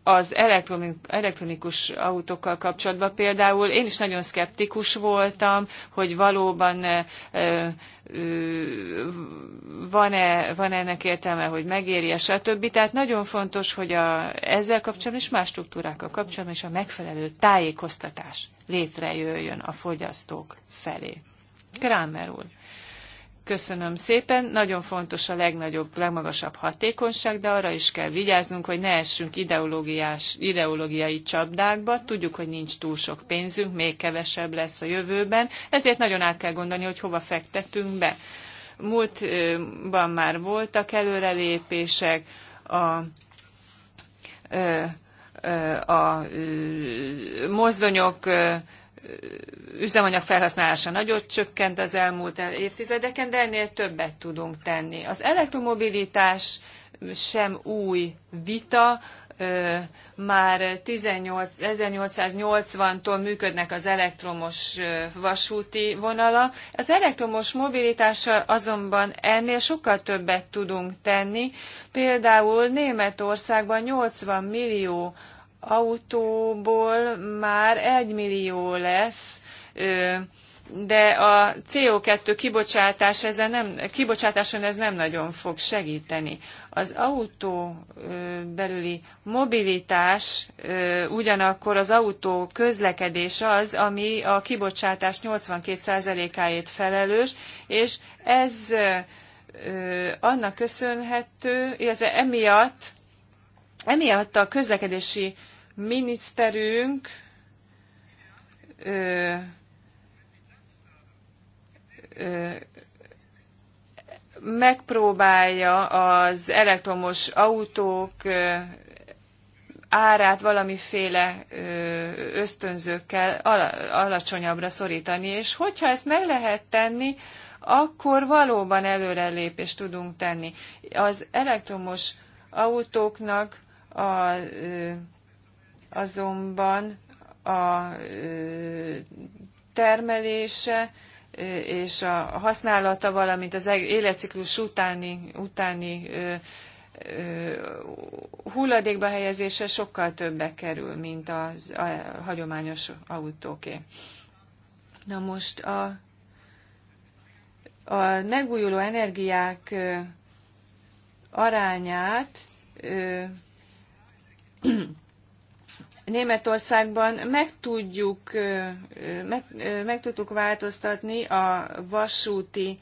az elektronikus autókkal kapcsolatban például én is nagyon szkeptikus voltam, hogy valóban van-e, van -e ennek értelme, hogy megéri-e, stb. Tehát nagyon fontos, hogy a, ezzel kapcsolatban és más struktúrákkal kapcsolatban is a megfelelő tájékoztatás létrejöjjön a fogyasztók felé. Kramer úr. Köszönöm szépen. Nagyon fontos a legnagyobb, legmagasabb hatékonyság, de arra is kell vigyáznunk, hogy ne essünk ideológiás, ideológiai csapdákba. Tudjuk, hogy nincs túl sok pénzünk, még kevesebb lesz a jövőben, ezért nagyon át kell gondolni, hogy hova fektetünk be. Múltban már voltak előrelépések, a, a, a mozdonyok üzemanyag felhasználása nagyot csökkent az elmúlt évtizedeken, de ennél többet tudunk tenni. Az elektromobilitás sem új vita, már 1880-tól működnek az elektromos vasúti vonalak. Az elektromos mobilitással azonban ennél sokkal többet tudunk tenni. Például Németországban 80 millió autóból már egy millió lesz, de a CO2 kibocsátás ezen nem, kibocsátáson ez nem nagyon fog segíteni. Az autó belüli mobilitás ugyanakkor az autó közlekedés az, ami a kibocsátás 82%-áért felelős, és ez annak köszönhető, illetve emiatt, emiatt a közlekedési miniszterünk ö, ö, megpróbálja az elektromos autók árát valamiféle ösztönzőkkel alacsonyabbra szorítani, és hogyha ezt meg lehet tenni, akkor valóban előrelépést tudunk tenni. Az elektromos autóknak a azonban a termelése és a használata, valamint az életciklus utáni, utáni hulladékba helyezése sokkal többe kerül, mint a, hagyományos autóké. Na most a, a megújuló energiák arányát Németországban meg tudjuk, meg, meg tudtuk változtatni a vasúti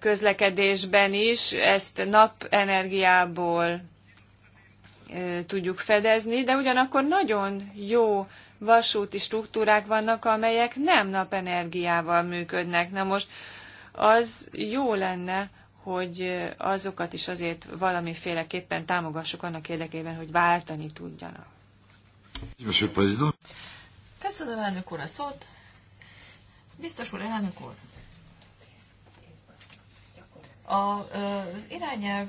közlekedésben is, ezt napenergiából tudjuk fedezni, de ugyanakkor nagyon jó vasúti struktúrák vannak, amelyek nem napenergiával működnek. Na most az jó lenne, hogy azokat is azért valamiféleképpen támogassuk annak érdekében, hogy váltani tudjanak. Köszönöm, elnök úr, a szót. Biztos úr, elnök úr. A, az irányelv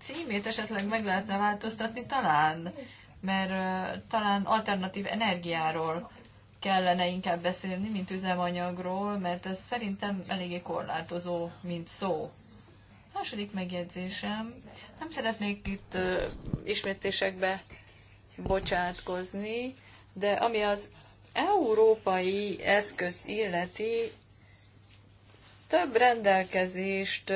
címét esetleg meg lehetne változtatni talán, mert talán alternatív energiáról kellene inkább beszélni, mint üzemanyagról, mert ez szerintem eléggé korlátozó, mint szó. Második megjegyzésem. Nem szeretnék itt ismétlésekbe bocsátkozni, de ami az európai eszközt illeti, több rendelkezést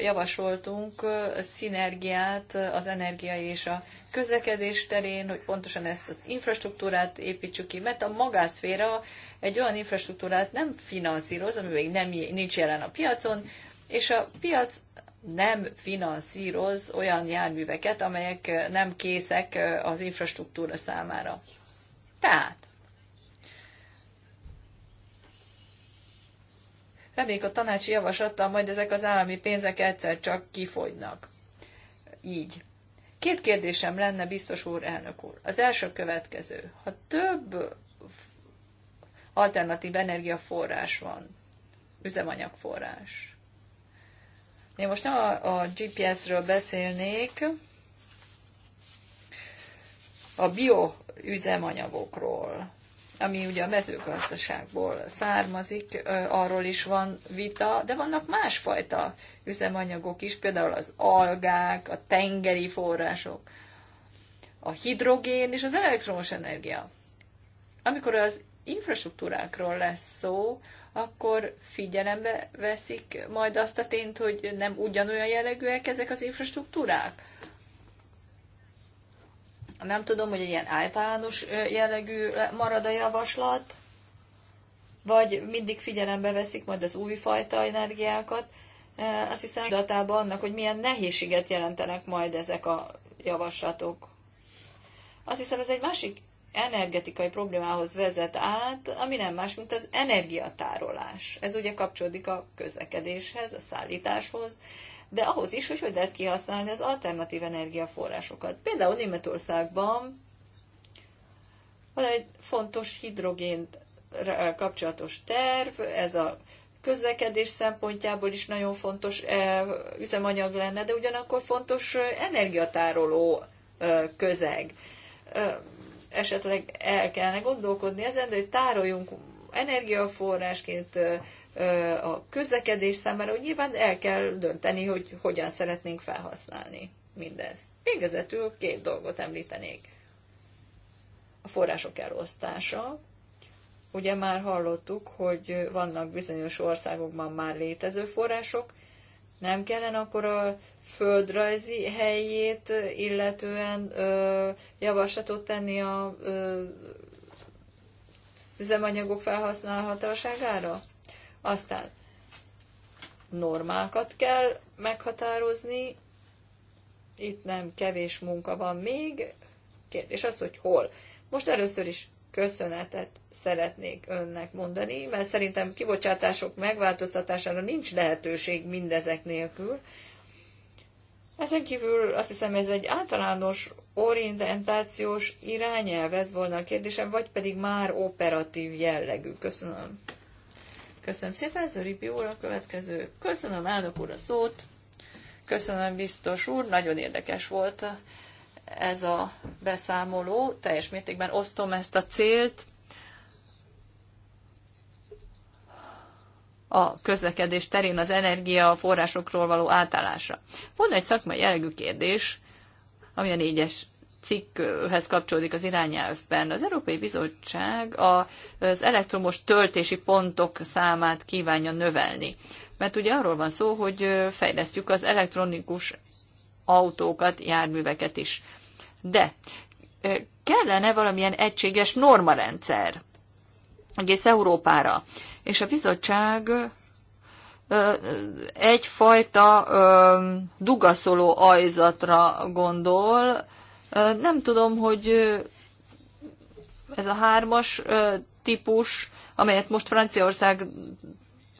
javasoltunk, szinergiát az energia és a közlekedés terén, hogy pontosan ezt az infrastruktúrát építsük ki, mert a magászféra egy olyan infrastruktúrát nem finanszíroz, ami még nem, nincs jelen a piacon, és a piac nem finanszíroz olyan járműveket, amelyek eh, nem készek eh, az infrastruktúra számára. Tehát, reméljük a tanácsi javaslata, majd ezek az állami pénzek egyszer csak kifogynak. Így. Két kérdésem lenne, biztos úr, elnök úr. Az első következő. Ha több alternatív energiaforrás van, üzemanyagforrás, én most nem a, a GPS-ről beszélnék, a bioüzemanyagokról, ami ugye a mezőgazdaságból származik, arról is van vita, de vannak másfajta üzemanyagok is, például az algák, a tengeri források, a hidrogén és az elektromos energia. Amikor az infrastruktúrákról lesz szó, akkor figyelembe veszik majd azt a tényt, hogy nem ugyanolyan jellegűek ezek az infrastruktúrák? Nem tudom, hogy ilyen általános jellegű marad a javaslat, vagy mindig figyelembe veszik majd az újfajta energiákat. Azt hiszem, datában annak, hogy milyen nehézséget jelentenek majd ezek a javaslatok. Azt hiszem, ez egy másik energetikai problémához vezet át, ami nem más, mint az energiatárolás. Ez ugye kapcsolódik a közlekedéshez, a szállításhoz, de ahhoz is, hogy hogy lehet kihasználni az alternatív energiaforrásokat. Például Németországban van egy fontos hidrogén kapcsolatos terv, ez a közlekedés szempontjából is nagyon fontos eh, üzemanyag lenne, de ugyanakkor fontos eh, energiatároló eh, közeg esetleg el kellene gondolkodni ezen, de hogy tároljunk energiaforrásként a közlekedés számára, hogy nyilván el kell dönteni, hogy hogyan szeretnénk felhasználni mindezt. Végezetül két dolgot említenék. A források elosztása. Ugye már hallottuk, hogy vannak bizonyos országokban már létező források, nem kellene akkor a földrajzi helyét illetően ö, javaslatot tenni a ö, üzemanyagok felhasználhatóságára? Aztán normákat kell meghatározni, itt nem kevés munka van még, kérdés az, hogy hol. Most először is köszönetet szeretnék önnek mondani, mert szerintem kibocsátások megváltoztatására nincs lehetőség mindezek nélkül. Ezen kívül azt hiszem ez egy általános orientációs irányelv, ez volna a kérdésem, vagy pedig már operatív jellegű. Köszönöm. Köszönöm szépen, Zöri Bióra a következő. Köszönöm elnök úr a szót. Köszönöm biztos úr, nagyon érdekes volt ez a beszámoló, teljes mértékben osztom ezt a célt, a közlekedés terén az energiaforrásokról való átállásra. Van egy szakmai jellegű kérdés, ami a négyes cikkhez kapcsolódik az irányelvben. Az Európai Bizottság az elektromos töltési pontok számát kívánja növelni. Mert ugye arról van szó, hogy fejlesztjük az elektronikus autókat, járműveket is. De kellene valamilyen egységes normarendszer egész Európára. És a bizottság egyfajta dugaszoló ajzatra gondol. Nem tudom, hogy ez a hármas típus, amelyet most Franciaország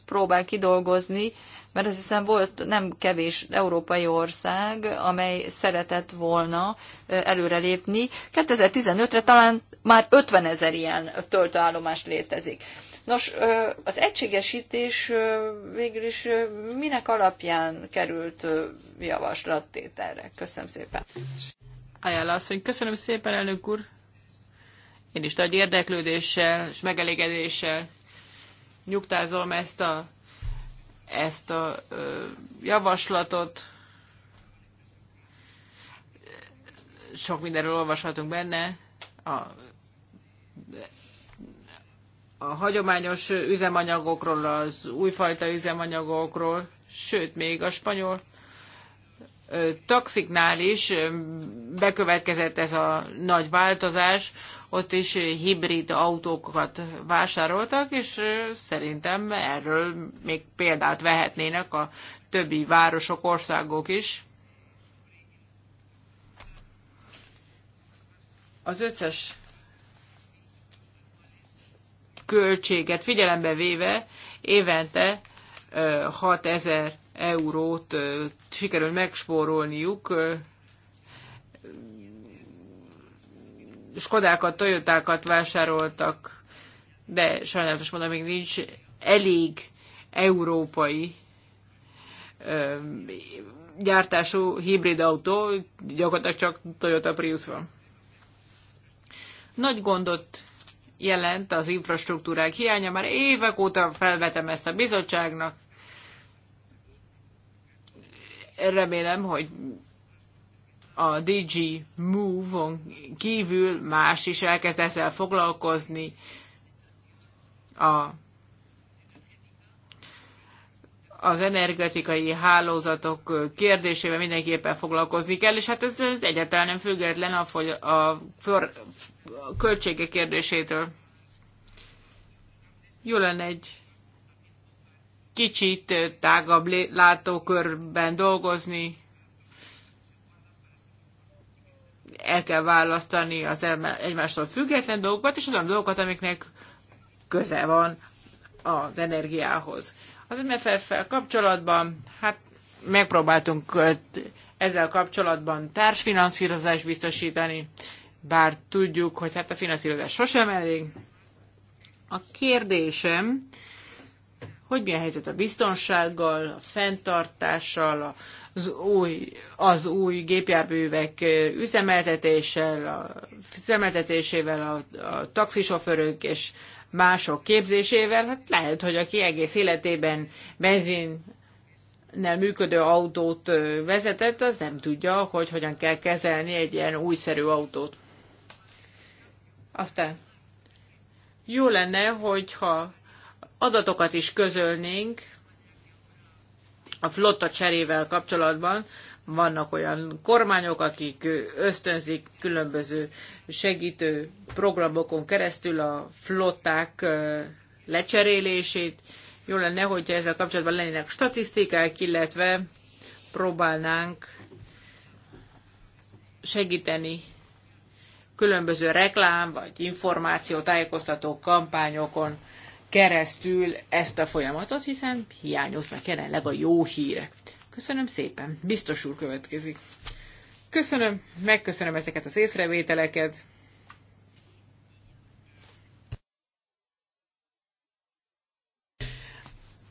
próbál kidolgozni, mert azt hiszem volt nem kevés európai ország, amely szeretett volna előrelépni. 2015-re talán már 50 ezer ilyen töltőállomás létezik. Nos, az egységesítés végül is minek alapján került javaslattételre? Köszönöm szépen. Ajánlás, asszony, köszönöm szépen, elnök úr. Én is nagy érdeklődéssel és megelégedéssel nyugtázom ezt a ezt a javaslatot. Sok mindenről olvashatunk benne. A, a hagyományos üzemanyagokról, az újfajta üzemanyagokról, sőt, még a spanyol taxiknál is bekövetkezett ez a nagy változás, ott is hibrid autókat vásároltak, és szerintem erről még példát vehetnének a többi városok, országok is. Az összes költséget figyelembe véve évente 6000 eurót sikerül megspórolniuk Skodákat, Toyotákat vásároltak, de sajnálatos mondom, még nincs elég európai ö, gyártású hibrid autó, gyakorlatilag csak Toyota Prius van. Nagy gondot jelent az infrastruktúrák hiánya, már évek óta felvetem ezt a bizottságnak. Remélem, hogy a DG Move-on kívül más is elkezd ezzel foglalkozni. A, az energetikai hálózatok kérdésével mindenképpen foglalkozni kell, és hát ez, ez egyáltalán nem független a, fogy, a, for, a költségek kérdésétől. Jó lenne egy kicsit tágabb látókörben dolgozni, el kell választani az egymástól független dolgokat, és olyan dolgokat, amiknek köze van az energiához. Az MFF-fel kapcsolatban, hát megpróbáltunk ezzel kapcsolatban társfinanszírozást biztosítani, bár tudjuk, hogy hát a finanszírozás sosem elég. A kérdésem, hogy milyen helyzet a biztonsággal, a fenntartással, a az új, az új gépjárművek üzemeltetéssel, a, üzemeltetésével, a, a taxisofőrök és mások képzésével, hát lehet, hogy aki egész életében benzin nem működő autót vezetett, az nem tudja, hogy hogyan kell kezelni egy ilyen újszerű autót. Aztán jó lenne, hogyha adatokat is közölnénk a flotta cserével kapcsolatban vannak olyan kormányok, akik ösztönzik különböző segítő programokon keresztül a flották lecserélését. Jó lenne, hogyha ezzel kapcsolatban lennének statisztikák, illetve próbálnánk segíteni különböző reklám vagy információ tájékoztató kampányokon keresztül ezt a folyamatot, hiszen hiányoznak jelenleg a jó hírek. Köszönöm szépen, biztos úr következik. Köszönöm, megköszönöm ezeket az észrevételeket.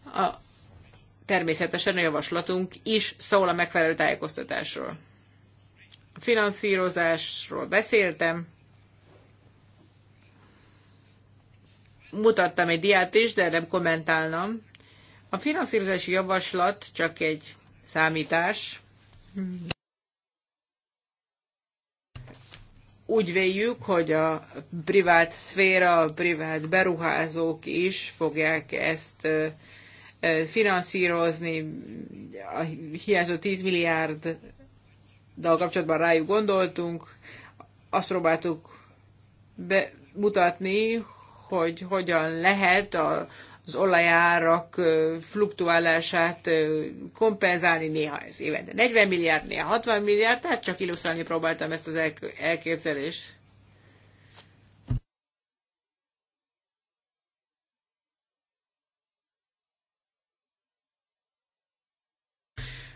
A, természetesen a javaslatunk is szól a megfelelő tájékoztatásról. A finanszírozásról beszéltem, mutattam egy diát is, de nem kommentálnám. A finanszírozási javaslat csak egy számítás. Úgy véljük, hogy a privát szféra, a privát beruházók is fogják ezt finanszírozni. A hiányzó 10 milliárd dal kapcsolatban rájuk gondoltunk. Azt próbáltuk bemutatni, hogy hogyan lehet a, az olajárak fluktuálását kompenzálni, néha ez évente 40 milliárd, néha 60 milliárd, tehát csak illusztrálni próbáltam ezt az elképzelést.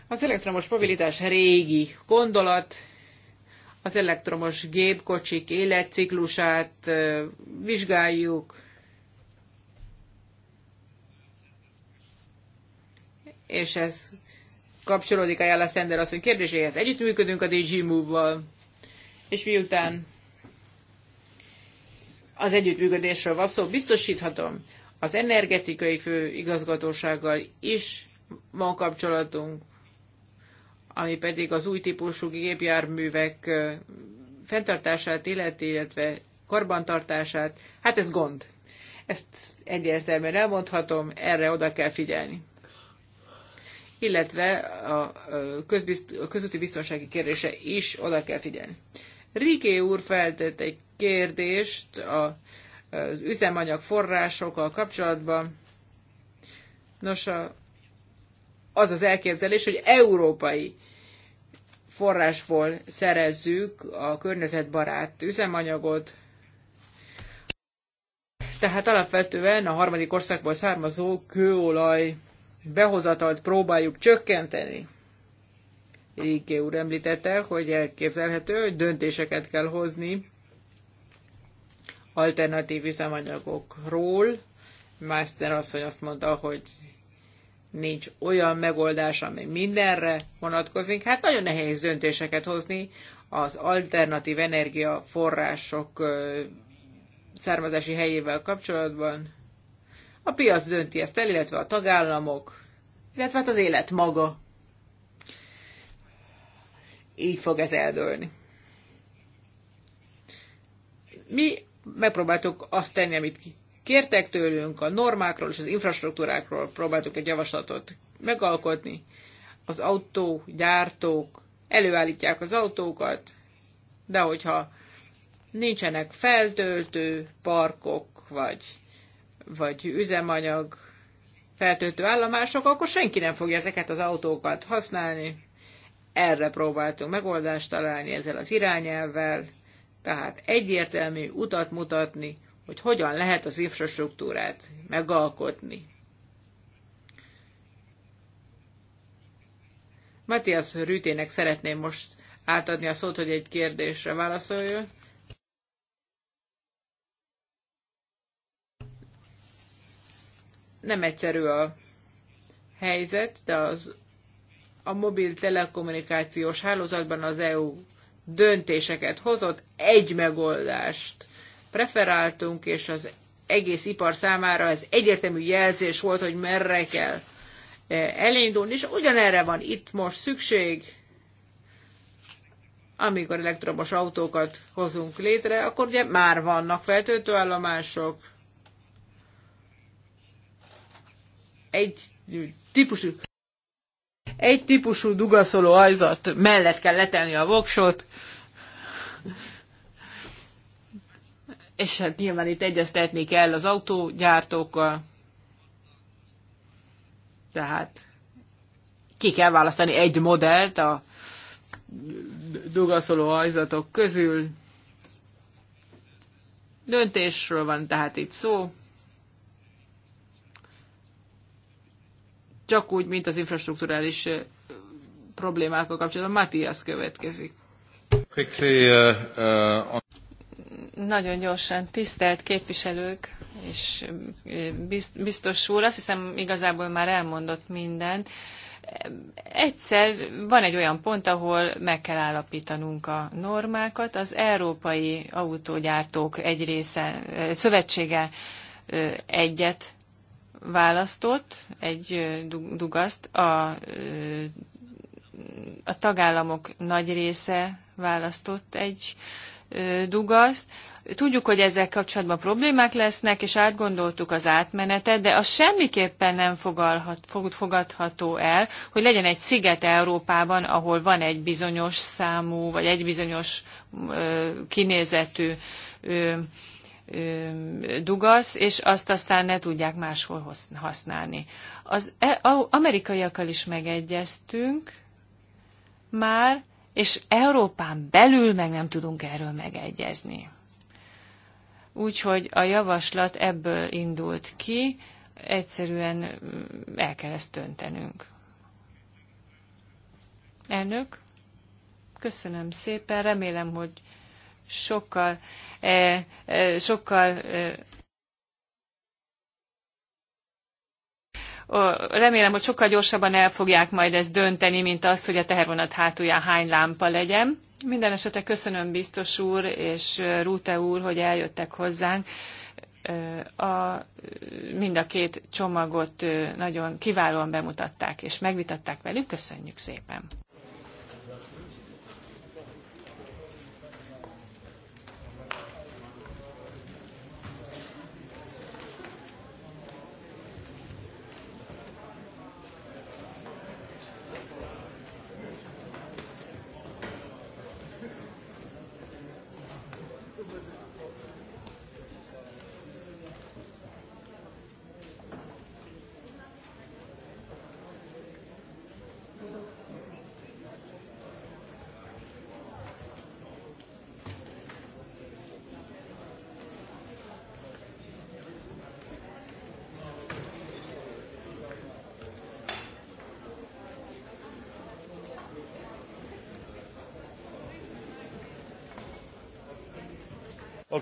Az elektromos mobilitás régi gondolat, az elektromos gépkocsik életciklusát vizsgáljuk, és ez kapcsolódik a Jella Sender asszony kérdéséhez. Együttműködünk a DG Move-val, és miután az együttműködésről van szó, biztosíthatom, az energetikai főigazgatósággal is van kapcsolatunk ami pedig az új típusú gépjárművek fenntartását illeti, illetve karbantartását, hát ez gond. Ezt egyértelműen elmondhatom, erre oda kell figyelni. Illetve a, közbizt, a közúti biztonsági kérdése is oda kell figyelni. Riké úr feltett egy kérdést a, az üzemanyag forrásokkal kapcsolatban. Nos, a, az az elképzelés, hogy európai forrásból szerezzük a környezetbarát üzemanyagot, tehát alapvetően a harmadik országból származó kőolaj behozatalt próbáljuk csökkenteni. Riké úr említette, hogy elképzelhető, hogy döntéseket kell hozni alternatív üzemanyagokról. Master asszony azt mondta, hogy nincs olyan megoldás, amely mindenre vonatkozik. Hát nagyon nehéz döntéseket hozni az alternatív energiaforrások származási helyével kapcsolatban. A piac dönti ezt el, illetve a tagállamok, illetve hát az élet maga. Így fog ez eldőlni. Mi megpróbáltuk azt tenni, amit kértek tőlünk, a normákról és az infrastruktúrákról próbáltuk egy javaslatot megalkotni. Az autógyártók előállítják az autókat, de hogyha nincsenek feltöltő parkok, vagy, vagy üzemanyag feltöltő állomások, akkor senki nem fogja ezeket az autókat használni. Erre próbáltunk megoldást találni ezzel az irányelvvel, tehát egyértelmű utat mutatni, hogy hogyan lehet az infrastruktúrát megalkotni. Matthias Rütének szeretném most átadni a szót, hogy egy kérdésre válaszoljon. Nem egyszerű a helyzet, de az a mobil telekommunikációs hálózatban az EU döntéseket hozott, egy megoldást preferáltunk, és az egész ipar számára ez egyértelmű jelzés volt, hogy merre kell e, elindulni, és ugyanerre van itt most szükség, amikor elektromos autókat hozunk létre, akkor ugye már vannak feltöltőállomások, egy típusú egy típusú dugaszoló ajzat mellett kell letenni a voksot, és hát nyilván itt egyeztetni kell az autógyártókkal, tehát ki kell választani egy modellt a dugaszoló hajzatok közül. Döntésről van tehát itt szó. Csak úgy, mint az infrastruktúrális problémákkal kapcsolatban. Matthias következik. Quickly, uh, uh, on... Nagyon gyorsan, tisztelt képviselők és biztos úr, azt hiszem igazából már elmondott minden. Egyszer van egy olyan pont, ahol meg kell állapítanunk a normákat. Az Európai Autógyártók egy része, szövetsége egyet választott, egy dugaszt, a, a tagállamok nagy része választott egy dugaszt. Tudjuk, hogy ezek kapcsolatban problémák lesznek, és átgondoltuk az átmenetet, de az semmiképpen nem fogalhat, fogadható el, hogy legyen egy sziget Európában, ahol van egy bizonyos számú, vagy egy bizonyos ö, kinézetű ö, dugasz, és azt aztán ne tudják máshol használni. Az e, amerikaiakkal is megegyeztünk már, és Európán belül meg nem tudunk erről megegyezni. Úgyhogy a javaslat ebből indult ki, egyszerűen mm, el kell ezt döntenünk. Elnök, köszönöm szépen, remélem, hogy sokkal, eh, eh, sokkal eh, remélem, hogy sokkal gyorsabban el fogják majd ezt dönteni, mint azt, hogy a tehervonat hátulján hány lámpa legyen. Minden esetre köszönöm biztos úr és Rúte úr, hogy eljöttek hozzánk. A, mind a két csomagot nagyon kiválóan bemutatták és megvitatták velük. Köszönjük szépen!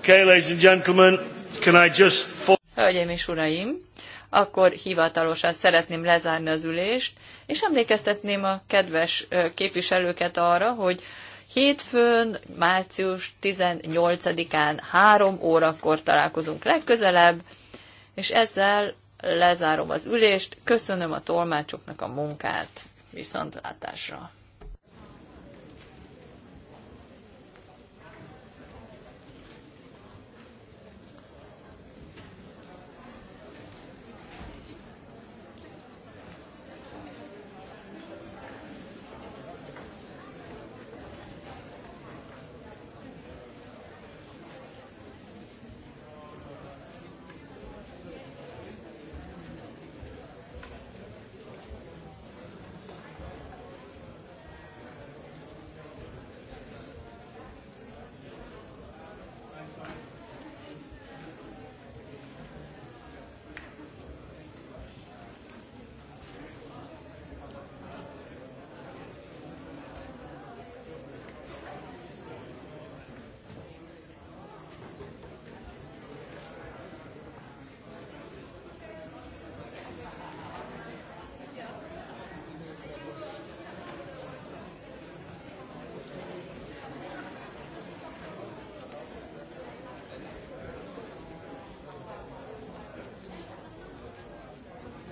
Okay, ladies and gentlemen, can I just... Hölgyeim és uraim, akkor hivatalosan szeretném lezárni az ülést, és emlékeztetném a kedves képviselőket arra, hogy hétfőn, március 18-án 3 órakor találkozunk legközelebb, és ezzel lezárom az ülést, köszönöm a tolmácsoknak a munkát, viszontlátásra!